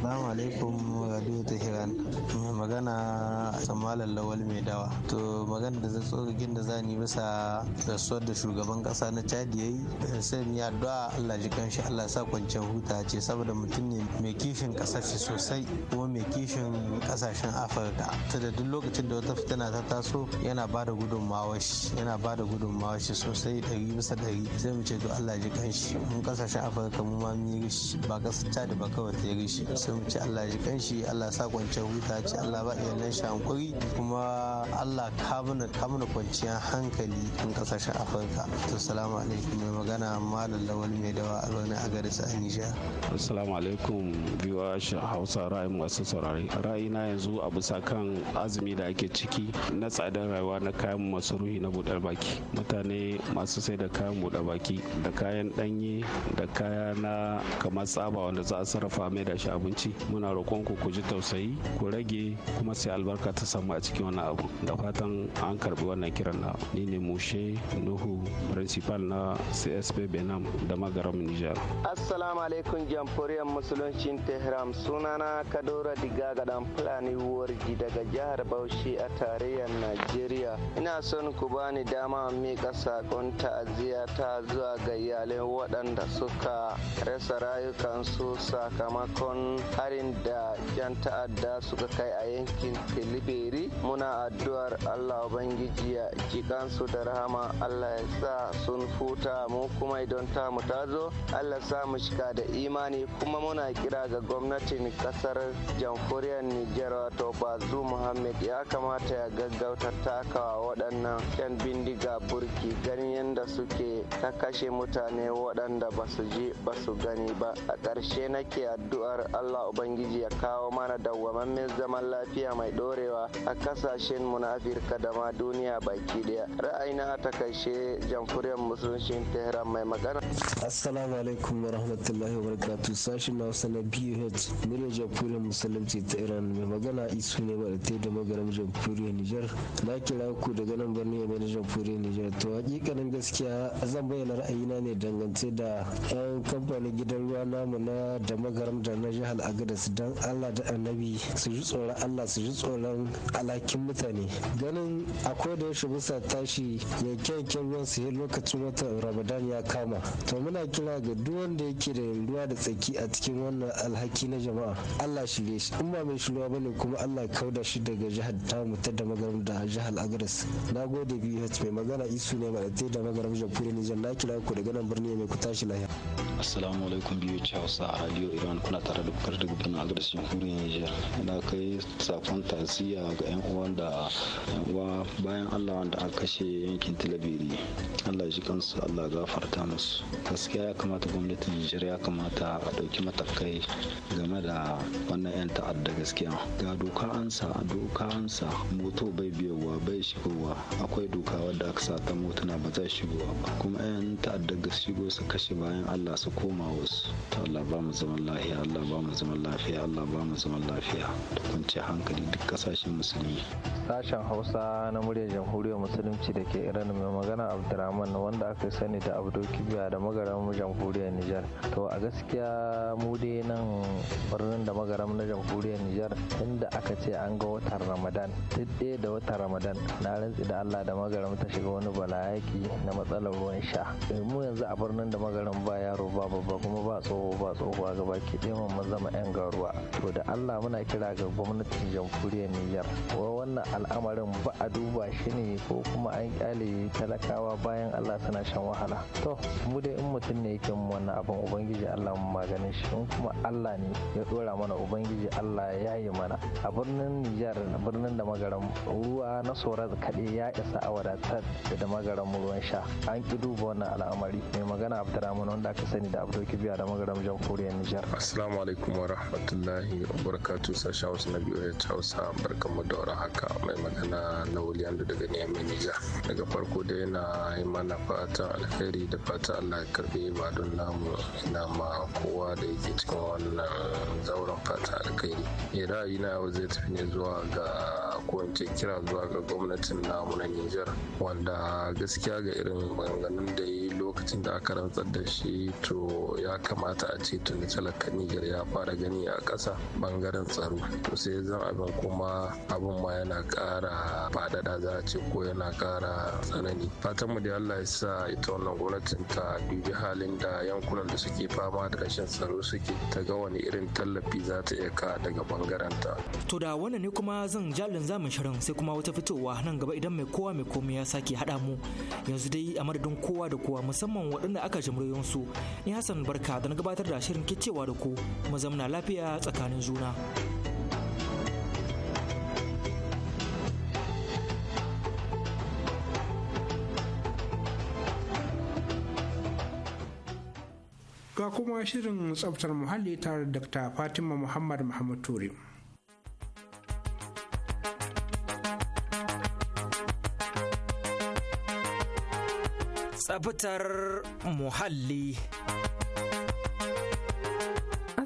S6: Assalamu alaikum Radio Tehran. Mai magana Samalan Lawal mai dawa. To magana da zai tsogagin da zani bisa rasuwar da shugaban kasa na Chad yayi eh, sai ni addu'a Allah Allah ji kanshi Allah sa kwanciyar huta ce saboda mutum ne mai kishin kasashe sosai kuma mai kishin kasashen Afirka ta da duk lokacin da wata fitina ta taso yana ba da gudunmawa shi yana ba da gudunmawa shi sosai ɗari bisa ɗari sai mu ce to Allah ji kanshi mun kasashen Afirka mu ma mun yi shi ba kasar da ba kawai ta yi shi sai mu ce Allah ji kanshi Allah sa kwanciyar huta ce Allah ba nan shi hankuri kuma Allah ka mana ka kwanciyar hankali mun kasashen Afirka to salamu alaikum mai magana malam lawal mai da Dawa a zaune a garin a Nijar. Assalamu alaikum biwa Hausa ra'ayin masu saurare. Ra'ayina yanzu a bisa kan azumi da ake ciki na tsadar rayuwa na kayan
S7: ruhi na buɗar baki. Mutane masu sai da kayan buɗar baki da kayan ɗanye da kaya na kamar tsaba wanda za a sarrafa mai da shi abinci. Muna roƙon ku ku ji tausayi ku rage kuma sai albarka ta samu a cikin wani abu. Da fatan an karɓi wannan kiran na. Ni ne Mushe Nuhu principal na CSP Benam da Magaram mu Nijar.
S6: Assalamu alaikum jamhuriyar Musulunci Tehran sunana Kadora Diga ga dan Fulani Warji daga jihar Bauchi a tarayyar Najeriya. Ina son ku bani dama miƙa saƙon ta'aziyya ta zuwa ga iyalai waɗanda suka rasa rayukansu sakamakon harin da 'yan ta'adda suka kai a yankin Filiberi. Muna addu'ar Allah Ubangiji ya jikansu da rahama Allah ya sa sun futa mu kuma idan ta mu ta zo allah sa mu shiga da imani kuma muna kira ga gwamnatin kasar jamhuriyar nijar wato bazu muhammad ya kamata ya gaggauta takawa waɗannan yan bindiga burki ganin yadda suke ta kashe mutane waɗanda ba su ji ba su gani ba a ƙarshe nake addu'ar allah ubangiji ya kawo mana dawwamammen zaman lafiya mai ɗorewa a kasashen mu na afirka da ma duniya baki ɗaya ra'ayina a takaice jamhuriyar musulunci tehran mai magana assalamu alaikum wa rahmatullahi wa barakatu na hausa na boh muryar jamhuriyar musulunci ta iran mai magana isu ne ba da da magaram jamhuriyar nijar na kira ku daga nan birnin yamai na jamhuriyar nijar to hakikanin gaskiya zan bayyana ra'ayina ne dangance da yan kamfanin gidan ruwa namu na da magaram da na jihar agadas don allah da annabi su ji tsoron allah su ji tsoron alakin mutane ganin akwai da yaushe bisa tashi yanke-yanken ruwan su lokacin watan ramadan ya kama to muna kira ga duk wanda yake da ruwa da tsaki a cikin wannan alhaki na jama'a Allah shirye shi in ba mai shirwa bane kuma Allah kauda shi daga jihar tamu ta da magaram da jihar Agres na gode BH mai magana isu ne ba da magaram jamhuriyar Nijar na kira ku daga nan birni mai ku tashi lafiya Assalamu alaikum BH Hausa a Radio Iran kuna tare da bukar daga birnin Agres ne jan ina kai sakon tasiya ga yan uwan da uwa bayan Allah wanda aka kashe yankin Talabiri Allah ya ji kansu Allah gafarta musu gaskiya ya kamata gwamnatin nijar ya kamata a ɗauki matakai game da wannan 'yan ta'adda gaskiya ga doka ansa doka ansa moto bai biyowa bai shigowa akwai doka wadda aka sa ta motuna ba zai shigowa ba kuma 'yan ta'adda ga shigo su kashe bayan allah su koma wasu ta allah ba mu zaman lafiya allah ba mu zaman lafiya allah ba mu zaman lafiya da kwanci hankali duk kasashen musulmi sashen hausa na muryar jamhuriyar musulunci da ke iran mai magana abdulrahman wanda aka sani da abdul kibiya da magaran jamhuriyar nijar to a gaskiya mu dai nan birnin da magaram na jamhuriyar nijar inda aka ce an ga watan ramadan duk da watan ramadan na rantsi da allah da magaram ta shiga wani bala'aki na matsalar ruwan sha eh, mu yanzu a birnin da magaram ba yaro ba babba kuma ba tsoho ba tsohuwa gaba baki ɗaya mun zama yan garuwa to da allah muna kira ga gwamnatin jamhuriyar nijar wannan al'amarin ba a duba shi ne ko kuma an kyale talakawa bayan allah suna shan wahala to mu dai in mutum ne yake mu wannan abin ubangiji allah mu maganin shi in kuma allah ne ya dora mana ubangiji allah ya yi mana a birnin nijar birnin da magaran ruwa na tsoron kaɗai ya isa a wadatar da magaran ruwan sha an ki duba wannan al'amari mai magana abdurrahman wanda aka
S7: sani da abdul kibiya da magaran koriya nijar assalamu alaikum wa rahmatullahi wa barakatu sashen wasu na biyu hausa barkan mu da haka mai magana na da daga neman nijar daga farko dai na yi mana fata alheri da fata allah ya karbe ba don namu ina ma kowa da yake cikin wannan zauren fata alkhairi ya eh, ra'ayi na zai tafi ne zuwa ga kowace kira zuwa ga gwamnatin namu na Nijar wanda gaskiya ga irin maganganun da yi lokacin da aka rantsar da shi to ya kamata a ce tuni talaka Nijar ya fara gani a ƙasa bangaren tsaro to sai zan abin kuma abin ma yana ƙara faɗaɗa za a ce ko yana ƙara tsanani fatan mu da Allah ya sa ita wannan gwamnatin ta dubi halin halin da yankunan da suke fama da rashin tsaro suke ta ga wani irin tallafi za ta iya ka daga bangaren
S3: To da wannan ne kuma zan jalin zamin shirin sai kuma wata fitowa nan gaba idan mai kowa mai komai ya sake haɗa mu yanzu dai a madadin kowa da kowa musamman waɗanda aka jimriyon su ni hasan Barka da na gabatar da shirin kicewa da ku mu zamna lafiya tsakanin juna.
S2: ga kuma shirin tsaftar muhalli tare da dr fatima muhammad muhammad ture
S3: tsaftar muhalli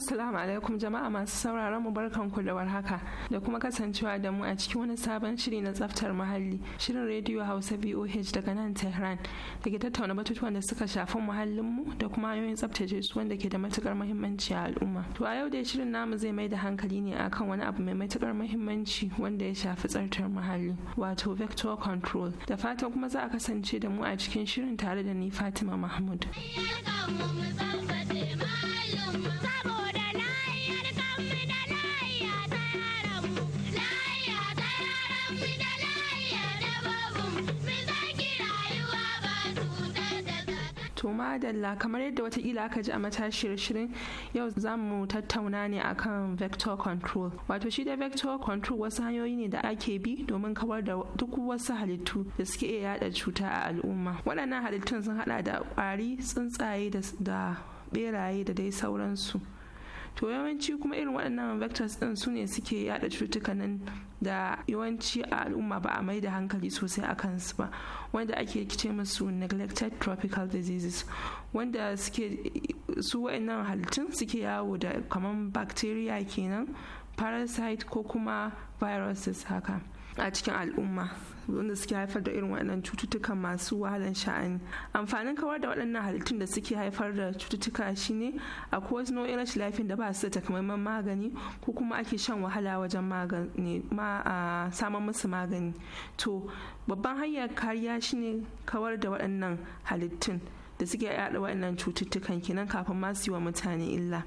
S8: Assalamu alaikum jama'a masu sauraron mu barkanku da warhaka da kuma kasancewa da mu a cikin wani sabon shiri na tsaftar muhalli shirin rediyo Hausa boh daga nan Tehran da ke tattauna batutuwan da suka shafi muhallin mu da kuma hanyoyin tsaftace su wanda ke da matukar muhimmanci a al'umma. To a yau dai shirin namu zai mai da hankali ne akan wani abu mai matukar muhimmanci wanda ya shafi tsartar muhalli wato vector control da fatan kuma za a kasance da mu a cikin shirin tare da ni Fatima Mahmud. madalla kamar yadda watakila aka ji a matashiyar shirin yau za mu tattauna ne akan vector control wato shi da vector control wasu hanyoyi ne da ake bi domin kawar da duk wasu halittu da suke iya yada cuta a al'umma waɗannan halittun sun hada da ƙwari tsuntsaye da beraye da dai sauransu to yawanci kuma irin waɗannan vectors ɗin su ne suke yaɗa cututtukan nan da yawanci a al'umma ba a mai da hankali sosai a kansu ba wanda ake kice musu neglected tropical diseases wanda suke su waɗannan halittun suke yawo da kamar bacteria kenan parasite ko kuma viruses haka a cikin al'umma wanda suke haifar da irin waɗannan cututtuka masu wahalan sha'ani amfanin kawar da waɗannan halittun da suke haifar da cututtuka shine akwai wasu nau'in rashin lafiyan da ba su da takamaiman magani ko kuma ake shan wahala wajen magani ma a samun musu magani to babban hanyar kariya shine kawar da waɗannan halittun da suke yaɗa waɗannan cututtukan kenan kafin ma su yi wa mutane illa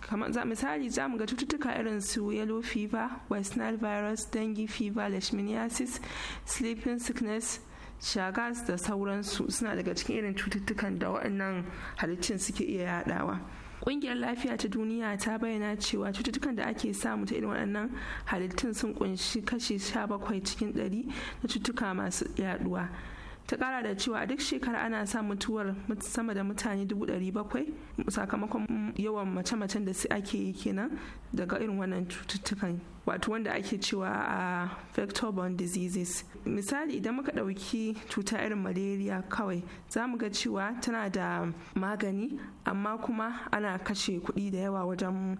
S8: kamar za misali za mu ga cututtuka irin su yellow fever west nile virus dengue fever leishmaniasis sleeping sickness shagas da sauransu suna daga cikin irin cututtukan da waɗannan halittun suke iya yadawa Ƙungiyar lafiya ta duniya ta bayyana cewa cututtukan da ake samu ta irin waɗannan halittun sun kunshi kashi 17 cikin 100 na cututtuka masu yaduwa ta kara da cewa duk shekara ana sa mutuwar sama da mutane 700 sakamakon yawan mace-macen da su ake yi kenan daga irin wannan cututtukan wato wanda ake cewa a vector borne diseases misali idan muka ɗauki cuta irin malaria kawai za mu ga cewa tana da magani amma kuma ana kashe kuɗi da yawa wajen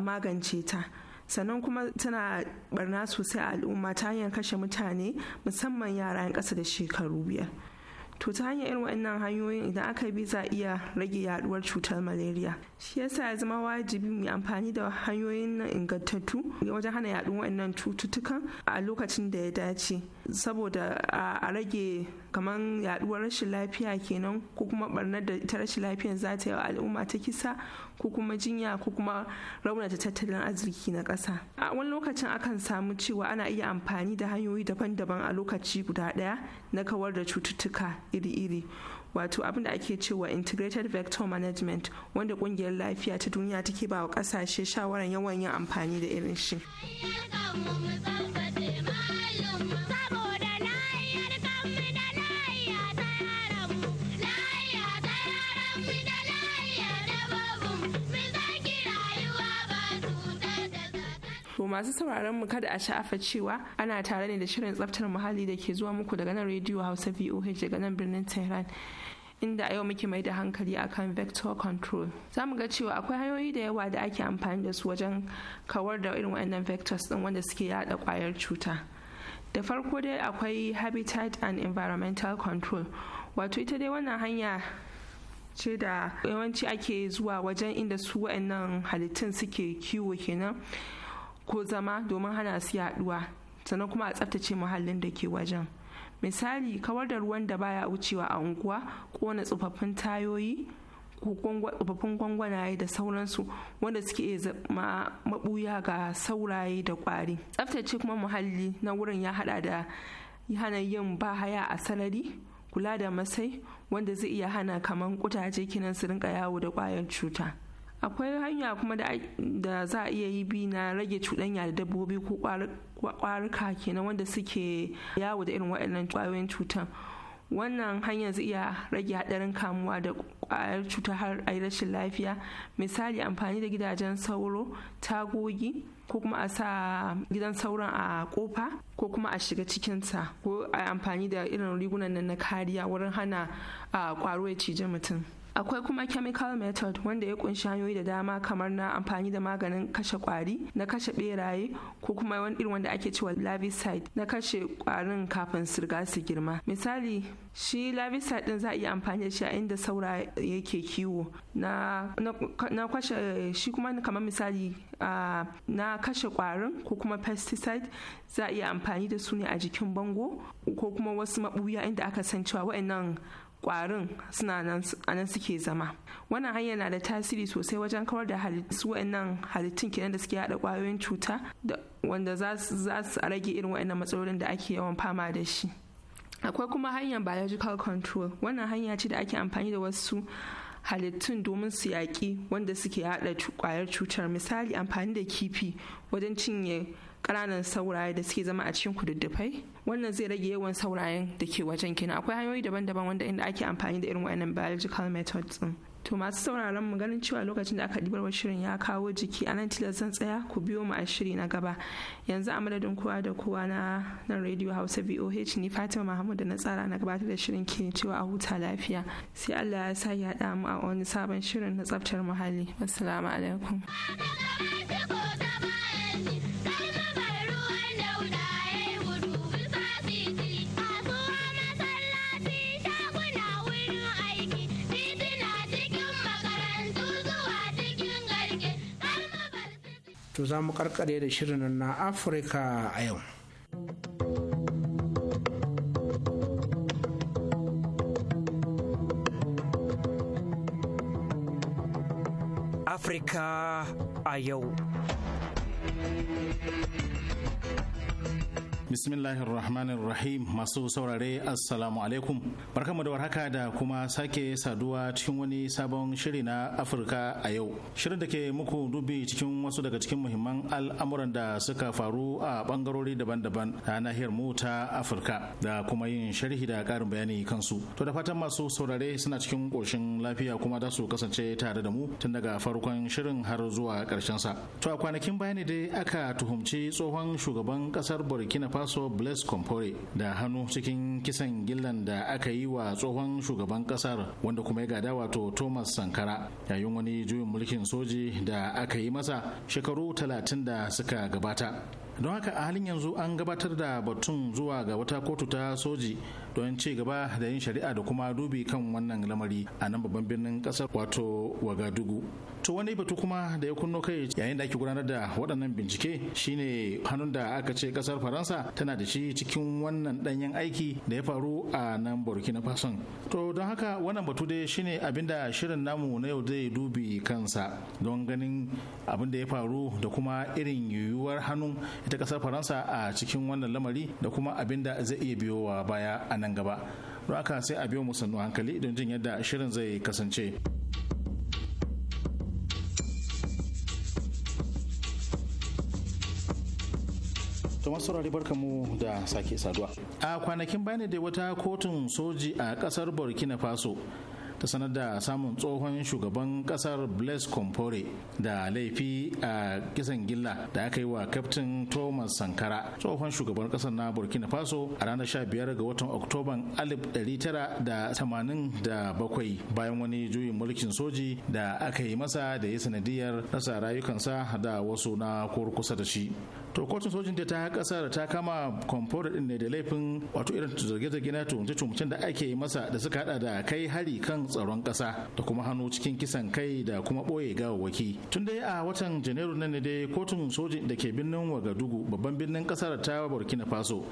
S8: magance ta sannan kuma tana barna sosai a al'umma ta hanyar kashe mutane musamman yara 'yan ƙasa da shekaru biyar to ta hanyar irin wa'annan hanyoyin idan aka bi za iya rage yaduwar cutar malaria shi yasa ya zama wajibi mu amfani da hanyoyin nan ingantattu wajen hana yaduwar wannan cututtukan a lokacin da ya dace saboda a rage kamar yaduwar rashin lafiya kenan ko kuma barnar da ta rashin lafiyar za ta yi wa al'umma ta kisa ko kuma jinya ko kuma raunata tattalin arziki na ƙasa a wani lokacin akan samu cewa ana iya amfani da hanyoyi daban-daban a lokaci guda ɗaya na kawar da cututtuka iri-iri wato abin da ake cewa integrated vector management wanda ƙungiyar lafiya ta duniya take ba wa kasashe shawaran yawan yin amfani da irin shi. masu sauraron mu kada a sha'afa cewa ana tare ne da shirin tsaftar muhalli da ke zuwa muku daga nan rediyo Hausa VOH daga nan birnin Tehran. inda a yau muke mai da hankali akan vector control za mu ga cewa akwai hanyoyi da yawa da ake amfani da su wajen kawar da irin wannan vectors din wanda suke yada kwayar cuta da farko dai akwai habitat and environmental control wato ita dai wannan hanya ce da yawanci ake zuwa wajen inda su wa'annan halittun suke kiwo kenan ko zama domin hana su yaduwa sannan kuma a tsaftace muhallin da ke wajen misali kawar da ruwan da baya wucewa a unguwa kona tsofaffin tayoyi ko tsofaffin gwangwanaye da sauransu wanda suke iya zama mabuya ga sauraye da kwari tsaftace kuma muhalli na wurin ya hada da hana yin bahaya a sarari kula da masai wanda zai iya hana kaman kutaje kinan su rinka yawo da kwayan cuta akwai hanya kuma da za a iya yi bi na rage cuɗanya da dabbobi ko kwaruka kenan wanda suke yawo da irin waɗannan kwayoyin cutan wannan hanyar zai iya rage haɗarin kamuwa da ƙwayar cuta har a yi rashin lafiya misali amfani da gidajen sauro tagogi ko kuma a sa gidan sauron a kofa ko kuma a shiga cikinsa ko a amfani da irin rigunan nan na kariya wurin hana kwaro ya cije mutum akwai kuma chemical method wanda ya kunshi hanyoyi da dama kamar na amfani da maganin kashe kwari na kashe beraye ko kuma wani irin wanda ake cewa larvicide na kashe kwarin kafin su riga su girma misali shi larvicide din za a iya amfani da shi a inda saura yake kiwo na na kashe shi kuma kamar misali na kashe kwarin ko kuma pesticide za a iya amfani da su ne a jikin bango ko kuma wasu mabuya inda aka san cewa wa'annan kwarin suna nan suke zama wannan hanya na da tasiri sosai wajen kawar da su wa'annan halittun kenan da suke hada kwayoyin cuta wanda za su rage irin wa'annan matsalolin da ake yawan fama da shi akwai kuma hanyar biological control wannan hanya ce da ake amfani da wasu halittun domin su yaƙi wanda suke hada kwayar cutar misali amfani da kifi wajen cinye ƙananan sauraye da suke zama a cikin kududdufai wannan zai rage yawan saurayen da ke wajen kina akwai hanyoyi daban-daban wanda inda ake amfani da irin wayannan biological methods din to masu sauraron mu ganin cewa lokacin da aka dibar wa shirin ya kawo jiki a nan tilas zan tsaya ku biyo mu a shiri na gaba yanzu a madadin kowa da kowa na nan radio hausa voh ni fatima mahmud da na tsara na gabatar da shirin ke cewa a huta lafiya sai allah ya sa ya mu a wani sabon shirin na tsaftar muhalli assalamu alaikum
S2: to za mu karkare da shirin na afirka a yau
S3: afirka a yau
S5: bismillahir rahmanir rahim masu saurare assalamu alaikum barkamu da warhaka da kuma sake saduwa cikin wani sabon shiri na afirka a yau shirin da ke muku dubi cikin wasu daga cikin muhimman al'amuran da suka faru a bangarori daban-daban a nahiyar mu ta afirka da kuma yin sharhi da karin bayani kansu to da fatan masu saurare suna cikin koshin lafiya kuma za su kasance tare da mu tun daga farkon shirin har zuwa karshen sa to a kwanakin bayani dai aka tuhumci tsohon shugaban kasar burkina faso blaise compaore da hannu cikin kisan gillan da aka yi wa tsohon shugaban kasar wanda kuma ya gada wato thomas sankara yayin wani juyin mulkin soji da aka yi masa shekaru talatin da suka gabata don haka a halin yanzu an gabatar da batun zuwa ga wata kotu ta soji don ci gaba da yin shari'a da kuma dubi kan wannan lamari a nan babban birnin kasar wato wagadugu to wani batu kuma da ya kunno kai yayin da ake gudanar da waɗannan bincike shine hannun da aka ce kasar faransa tana da shi cikin wannan ɗanyen aiki da ya faru a nan burkina faso to don haka wannan batu dai shine abinda shirin namu na yau zai dubi kansa don ganin abin da ya faru da kuma irin yiwuwar hannun ita kasar faransa a cikin wannan lamari da kuma abinda zai iya biyowa baya a nan. nan gaba don sai a biyo mu sannu hankali don jin yadda shirin zai kasance Thomas Saurari mu da sake saduwa. A kwanakin bayan da wata kotun soji a kasar Burkina Faso ta sanar da samun tsohon shugaban kasar blaise compore da laifi a kisan gilla da aka yi wa kaftin thomas sankara tsohon shugaban kasar na burkina faso a ranar 15 ga watan oktoban 1987 bayan wani juyin mulkin soji da aka yi masa da ya sanadiyar rasa rayukansa da wasu na kurkusa da shi to kotun sojin da ta kasar ta kama compore din ne da laifin wato irin zarge-zarge na tumce-tumcen da ake yi masa da suka hada da kai hari kan tsaron kasa da kuma hannu cikin kisan kai da kuma ɓoye gawawwaki tun dai a watan janairu nan ne dai kotun sojin da ke birnin wagadugu babban birnin ƙasar ta burkina faso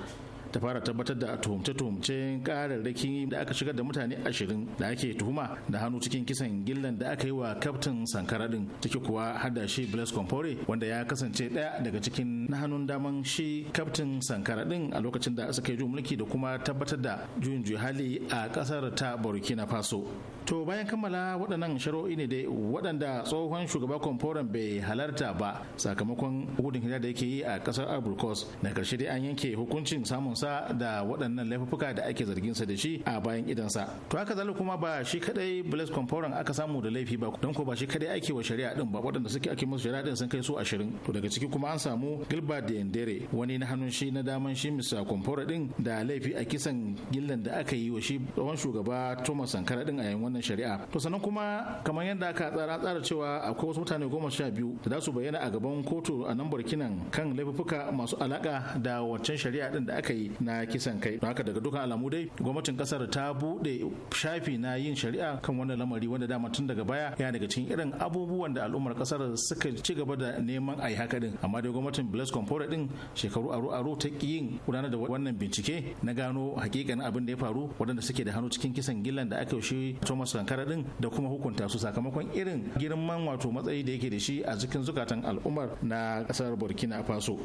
S5: ta fara tabbatar da tuhumce-tuhumce kararrakin da aka shigar da mutane ashirin da ake tuhuma da hannu cikin kisan gillan da aka yi wa kaftin sankara din ciki kuwa har shi blaise compaore wanda ya kasance daya daga cikin na hannun daman shi kaftin sankara din a lokacin da suka yi mulki da kuma tabbatar da juyin juyi hali a kasar ta burkina faso To bayan kammala waɗannan shari'o'i ne dai waɗanda tsohon shugaba komforan bai halarta ba sakamakon gudun hijira da yake yi a ƙasar Abrikos na ƙarshe dai an yanke hukuncin samun sa da waɗannan laifuka da ake zargin sa da shi a bayan idansa. To haka zalu kuma ba shi kadai Blaise komforan aka samu da laifi ba don ko ba shi kadai ake wa shari'a din ba waɗanda suke ake musu shari'a din sun kai su ashirin. To daga ciki kuma an samu Gilbert Yandere wani na hannun shi na daman shi Mr. Komforan din da laifi a kisan gillan da aka yi wa shi tsohon shugaba Thomas Sankara din a yayin wannan shari'a to sannan kuma kamar yadda aka tsara tsara cewa akwai wasu mutane goma sha biyu da za su bayyana a gaban kotu a nan burkinan kan laifuka masu alaka da waccan shari'a din da aka yi na kisan kai don haka daga dukkan alamu dai gwamnatin kasar ta buɗe shafi na yin shari'a kan wannan lamari wanda dama tun daga baya ya daga cikin irin abubuwan da al'ummar kasar suka ci gaba da neman a yi haka din amma dai gwamnatin Blaise Compaore din shekaru aro aro ta yin gudanar da wannan bincike na gano hakikanin abin da ya faru waɗanda suke da hannu cikin kisan gillan da aka yi shi masu kankara din da kuma hukunta su sakamakon irin girman wato matsayi da yake da shi a cikin zukatan al'ummar na kasar burkina faso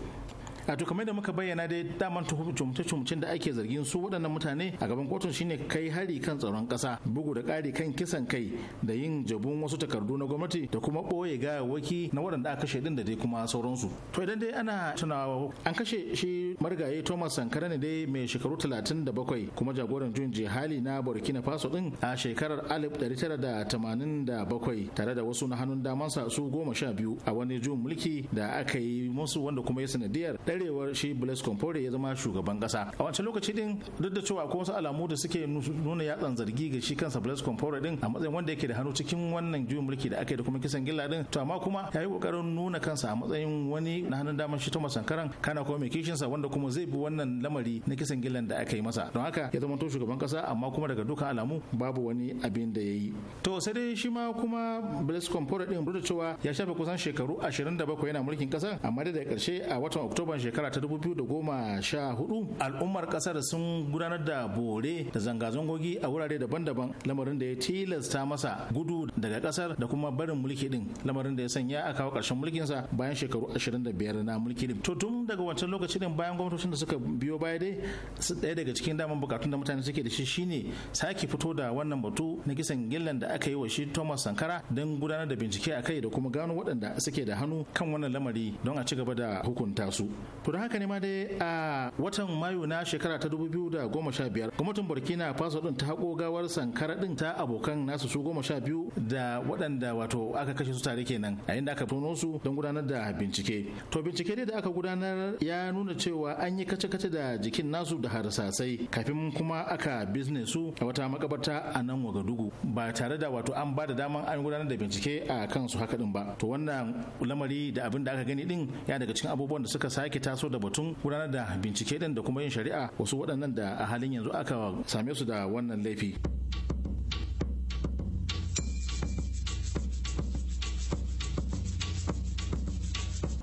S5: a to kamar da muka bayyana dai daman tuhumce-tuhumcen da ake zargin su waɗannan mutane a gaban kotun shine kai hari kan tsaron kasa bugu da ƙari kan kisan kai da yin jabun wasu takardu na gwamnati da kuma ɓoye gawawwaki na waɗanda aka kashe din da dai kuma sauransu to idan dai ana tunawa an kashe shi marigaye Thomas Sankara ne dai mai shekaru 37 kuma jagoran juyin jihali na Burkina Faso din a shekarar alif 1987 tare da wasu na hannun damansa su goma sha biyu a wani juyin mulki da aka yi musu wanda kuma ya sanadiyar karewar shi Blaise Compaore ya zama shugaban kasa a wancan lokaci din duk da cewa akwai wasu alamu da suke nuna yatsan zargi ga shi kansa Blaise Compaore din a matsayin wanda yake da hannu cikin wannan juyin mulki da aka yi da kuma kisan gilla din to amma kuma ya yi kokarin nuna kansa a matsayin wani na hannun daman shi Thomas Sankaran kana kuma mai kishin sa wanda kuma zai bi wannan lamari na kisan gillan da aka yi masa don haka ya zama to shugaban kasa amma kuma daga dukkan alamu babu wani abin da ya yi to sai dai shi ma kuma Blaise Compaore din duk da cewa ya shafe kusan shekaru 27 yana mulkin kasar amma da karshe a watan Oktoba shekara ta 2014 al'ummar kasar sun gudanar da bore da zanga-zangogi a wurare daban-daban lamarin da ya tilasta masa gudu daga kasar da kuma barin mulki din lamarin da ya sanya a kawo ƙarshen mulkinsa bayan shekaru 25 na mulki din to tun daga wancan lokaci din bayan gwamnatocin da suka biyo baya dai su daya daga cikin daman bukatun da mutane suke da shi shine sake fito da wannan batu na kisan gillan da aka yi wa shi Thomas Sankara don gudanar da bincike a kai da kuma gano waɗanda suke da hannu kan wannan lamari don a ci gaba da hukunta su To da haka ne ma dai a watan Mayu na shekara ta 2015 gwamnatin Burkina Faso din ta hako gawar sankara din ta abokan nasu su goma sha biyu da waɗanda wato aka kashe su tare kenan a inda aka tono su don gudanar da bincike. To bincike dai da aka gudanar ya nuna cewa an yi kace-kace da jikin nasu da harsasai kafin kuma aka bizne su a wata makabarta a nan Wagadugu ba tare da wato an ba da daman an gudanar da bincike a kansu haka din ba. To wannan lamari da abin da aka gani din ya daga cikin abubuwan da suka sake taso da batun gudanar da bincike din da kuma yin shari'a wasu waɗannan da a halin yanzu aka same su da wannan laifi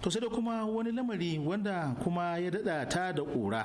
S5: to da kuma wani lamari wanda kuma ya daɗa ta da ƙura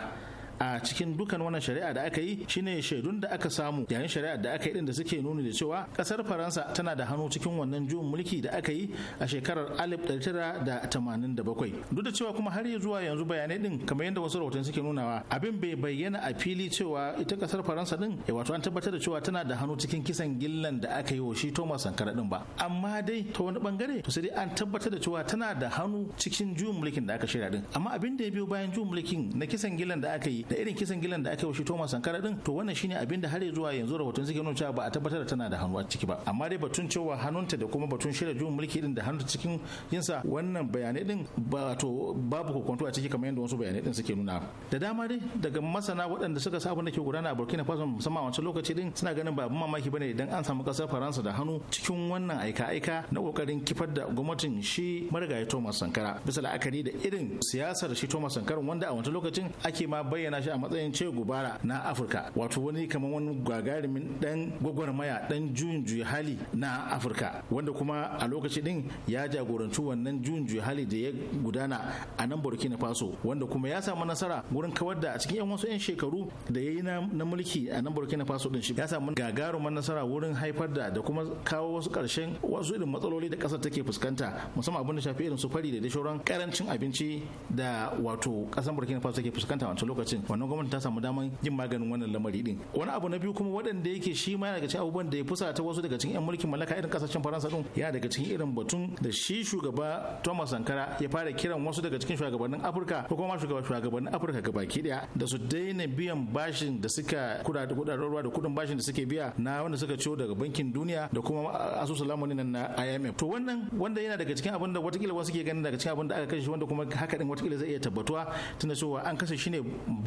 S5: a cikin dukan wannan shari'a da aka yi shine shaidun da aka samu yayin shari'a da aka yi din da suke nuni da cewa kasar faransa tana da hannu cikin wannan juyin mulki da aka yi a shekarar 1987 duk da cewa kuma har zuwa yanzu bayanai din kamar yadda wasu rahoton suke nunawa abin bai bayyana a fili cewa ita kasar faransa din eh, wato an tabbatar da cewa tana da hannu cikin kisan gillan da aka yi wa shi thomas sankara din ba amma dai ta wani bangare to sai dai an tabbatar da cewa tana da hannu cikin juyin mulkin da aka shirya din amma abin da ya biyo bayan juyin mulkin na kisan gillan da aka yi da irin kisan gilan da aka yi shi Thomas Sankara din to wannan shine abin da har zuwa yanzu rahoton suke nuna cewa ba a tabbatar da tana da hannu a ciki ba amma dai batun cewa hannunta da kuma batun shirya juyin mulki din da hannunta cikin yinsa wannan bayanai din ba to babu kokonto a ciki kamar yadda wasu bayanai din suke nuna da dama dai daga masana waɗanda suka sa abin da ke gudana a Burkina Faso musamman a wancan lokaci din suna ganin ba abin mamaki bane idan an samu kasar Faransa da hannu cikin wannan aika-aika na kokarin kifar da gwamnatin shi marigayi Thomas Sankara bisa la'akari da irin siyasar shi Thomas Sankara wanda a wancan lokacin ake ma bayyana shi a matsayin ce gubara na afirka wato wani kamar wani gagarumin dan gwagwarmaya dan juyin juyi hali na afirka wanda kuma a lokaci din ya jagoranci wannan juyin juyi hali da ya gudana a nan burkina faso wanda kuma ya samu nasara gurin kawar da a cikin yan wasu yan shekaru da ya yi na mulki a nan burkina faso din shi ya samu gagarumin nasara wurin haifar da da kuma kawo wasu karshen wasu irin matsaloli da kasar take fuskanta musamman abin da shafi irin su fari da da shauran karancin abinci da wato kasar burkina faso take fuskanta wancan lokacin wannan gwamnati ta samu damar yin maganin wannan lamari din wani abu na biyu kuma waɗanda yake shi ma daga cikin abubuwan da ya fusata wasu daga cikin yan mulkin mallaka irin kasashen faransa din ya daga cikin irin batun da shi shugaba thomas sankara ya fara kiran wasu daga cikin shugabannin afirka ko kuma shugaba shugabannin afirka gabaki daya da su daina biyan bashin da suka kuda da kudaden ruwa da kudin bashin da suke biya na wanda suka ciyo daga bankin duniya da kuma asusun lamuni nan na imf to wannan wanda yana daga cikin abin da watakila wasu ke ganin daga cikin abin da aka kashe wanda kuma haka din watakila zai iya tabbatuwa tunda cewa an kashe shi ne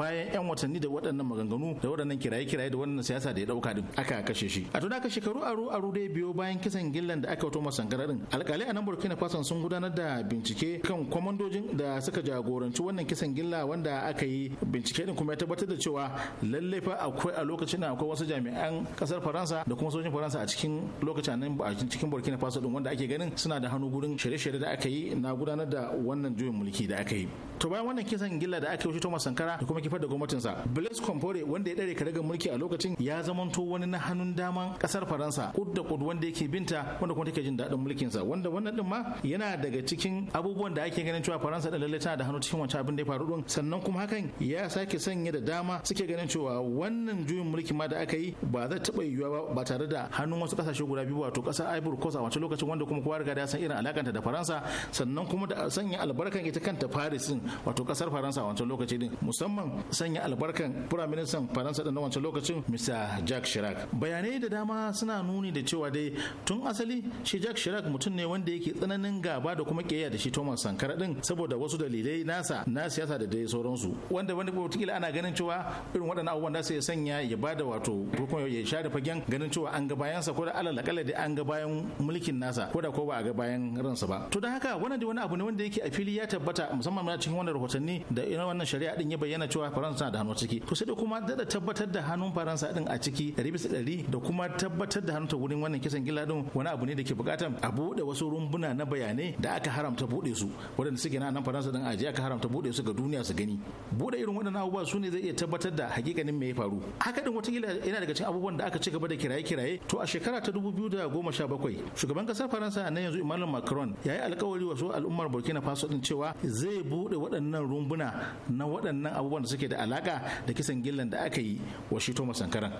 S5: bayan yan watanni da waɗannan maganganu da waɗannan kiraye-kiraye da wannan siyasa da ya ɗauka din aka kashe shi a tunaka shekaru aru aro dai biyo bayan kisan gillan da aka wato masangara din alƙalai a nan burkina faso sun gudanar da bincike kan kwamandojin da suka jagoranci wannan kisan gilla wanda aka yi bincike din kuma ya tabbatar da cewa lallai fa akwai a lokacin da akwai wasu jami'an kasar faransa da kuma sojin faransa a cikin lokacin nan a cikin burkina faso din wanda ake ganin suna da hannu gurin shirye-shirye da aka yi na gudanar da wannan juyin mulki da aka yi to bayan wannan kisan gilla da aka yi Thomas Sankara da kuma kifar da gwamnatinsa Blaise Compaoré wanda ya dare karagar mulki a lokacin ya zamanto wani na hannun daman kasar Faransa kud da kud wanda yake binta wanda kuma take jin daɗin sa wanda wannan din ma yana daga cikin abubuwan da ake ganin cewa Faransa da lalle tana da hannu cikin wancan abin da ya faru din sannan kuma hakan ya sake sanya da dama suke ganin cewa wannan juyin mulki ma da aka yi ba zai taɓa yiwuwa ba ba tare da hannun wasu kasashe guda biyu wato kasar Ivory Coast a wancan lokacin wanda kuma kowa riga da san irin alakanta da Faransa sannan kuma da sanya albarkan ita kanta Paris din wato kasar faransa a wancan lokaci din musamman sanya albarkan firaministan faransa din na wancan lokacin mr jack chirac bayanai da dama suna nuni da cewa dai tun asali shi jack chirac mutum ne wanda yake tsananin gaba da kuma kiyaya da shi thomas sankara din saboda wasu dalilai nasa na siyasa da dai sauransu wanda wani wataƙila ana ganin cewa irin waɗannan abubuwan da sai ya sanya ya ba da wato ko kuma ya share fagen ganin cewa an ga bayansa ko da alal akalla dai an ga bayan mulkin nasa ko da ko ba a ga bayan ransa ba to da haka wannan dai wani abu ne wanda yake a fili ya tabbata musamman a cikin wannan rahotanni da irin wannan shari'a din ya bayyana cewa faransa da hannu ciki to sai da kuma da tabbatar da hannun faransa din a ciki ɗari bisa ɗari da kuma tabbatar da ta wurin wannan kisan gila din wani abu ne da ke bukatar a buɗe wasu rumbuna na bayanai da aka haramta buɗe su waɗanda suke na nan faransa din aje aka haramta buɗe su ga duniya su gani buɗe irin waɗannan abubuwa su ne zai iya tabbatar da hakikanin me ya faru haka din watakila yana daga cikin abubuwan da aka ci gaba da kiraye-kiraye to a shekara ta bakwai shugaban kasar faransa na yanzu emmanuel macron ya yi alkawari wasu al'ummar burkina faso din cewa zai buɗe waɗannan rumbuna na waɗannan abubuwan da suke da alaƙa da kisan gillan da aka yi wa shi thomas sankaran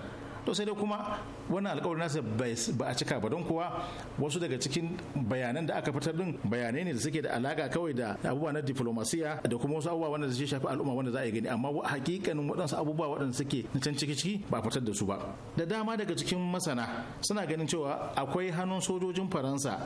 S5: to sai dai kuma wannan alkawarin nasa ba a cika ba don kuwa wasu daga cikin bayanan da aka fitar din bayanai ne da suke da alaka kawai da abubuwa na diplomasiya da kuma wasu abubuwa wanda zai shafi al'umma wanda za a gani amma hakikanin waɗansu abubuwa waɗanda suke na can ciki ciki ba a fitar da su ba da dama daga cikin masana suna ganin cewa akwai hannun sojojin faransa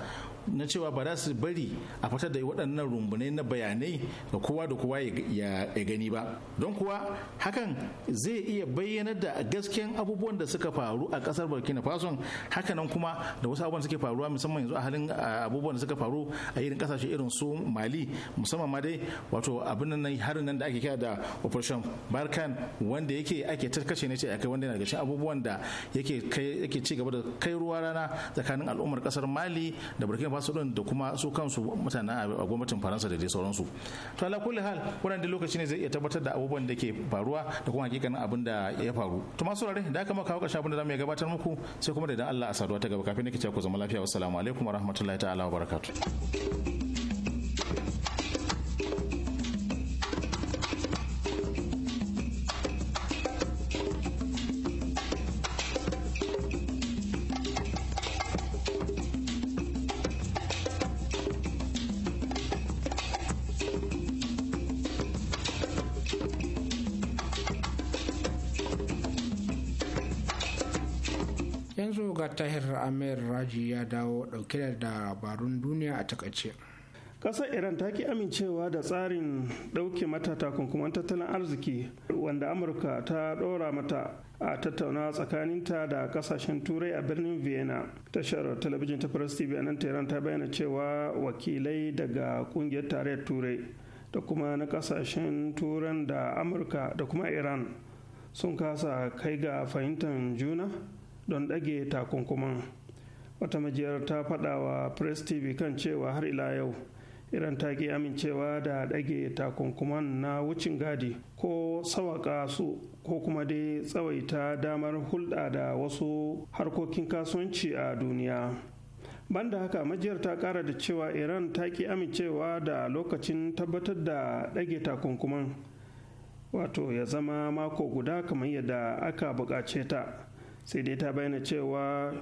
S5: na cewa ba za su bari a fitar da waɗannan rumbunai na bayanai da kowa da kowa ya gani ba don kuwa hakan zai iya bayyanar da gasken abubuwan da suka faru a kasar burkina faso hakanan kuma da wasu abubuwan suke faruwa musamman yanzu a halin abubuwan da suka faru a irin kasashe irin su mali musamman ma dai wato abin nan harin nan da ake kira da operation barkan wanda yake ake tarkace ne ce a kai wanda yana gashin abubuwan da yake yake ci gaba da kai ruwa rana tsakanin al'ummar kasar mali da burkina faso din da kuma su kansu mutanen a gwamnatin faransa da dai sauransu to ala kulli hal wannan lokaci ne zai iya tabbatar da abubuwan da ke faruwa da kuma hakikanin abin da ya faru to masu da aka maka kawo ƙarshen abin da zamu iya gabatar muku sai kuma da idan Allah a saduwa ta gaba kafin nake cewa ku zama lafiya wassalamu alaikum warahmatullahi ta'ala wabarakatuh
S2: buga tahir amir raji ya dawo dauke da
S4: labarun duniya a takaice ƙasar iran ta ki amincewa da tsarin ɗauke mata takunkuman tattalin arziki wanda amurka ta ɗora mata a tattauna tsakaninta da kasashen turai a birnin vienna tashar talabijin ta press tv a nan tehran ta bayyana cewa wakilai daga kungiyar tarayyar turai da kuma na kasashen turan da amurka da kuma iran sun kasa kai ga fahimtar juna don ɗage takunkuman wata majiyar ta faɗa wa press tv kan cewa har ila yau iran ta ki amincewa da ɗage takunkuman na wucin gadi ko sawaƙa su ko kuma dai tsawaita damar hulɗa da wasu harkokin kasuwanci a duniya banda haka majiyar ta kara da cewa iran ta ki amincewa da lokacin tabbatar da ɗage takunkuman wato ya zama mako guda kamar yadda aka buƙace ta sai dai ta bayyana cewa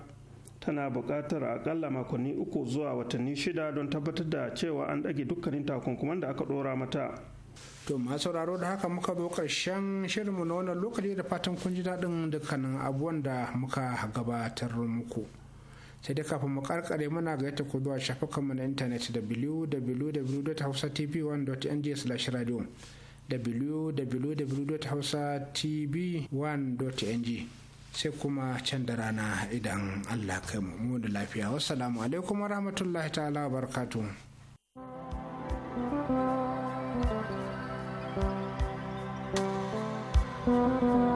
S4: tana buƙatar akalla makonni uku zuwa watanni shida don tabbatar da cewa an ɗage dukkanin takunkuman da aka ɗora mata to masu sauraro da haka muka zo ƙarshen shirinmu na wannan lokaci da fatan kun ji daɗin dukkanin
S2: abubuwan da muka gabatar muku sai dai kafin mu karkare muna ga yadda ku zuwa shafukanmu na intanet www.hausatv1.ng/radio www.hausatv1.ng sai kuma can da rana idan allah kai mu da lafiya wassalamu alaikum rahmatullahi ta'ala wa
S9: thank you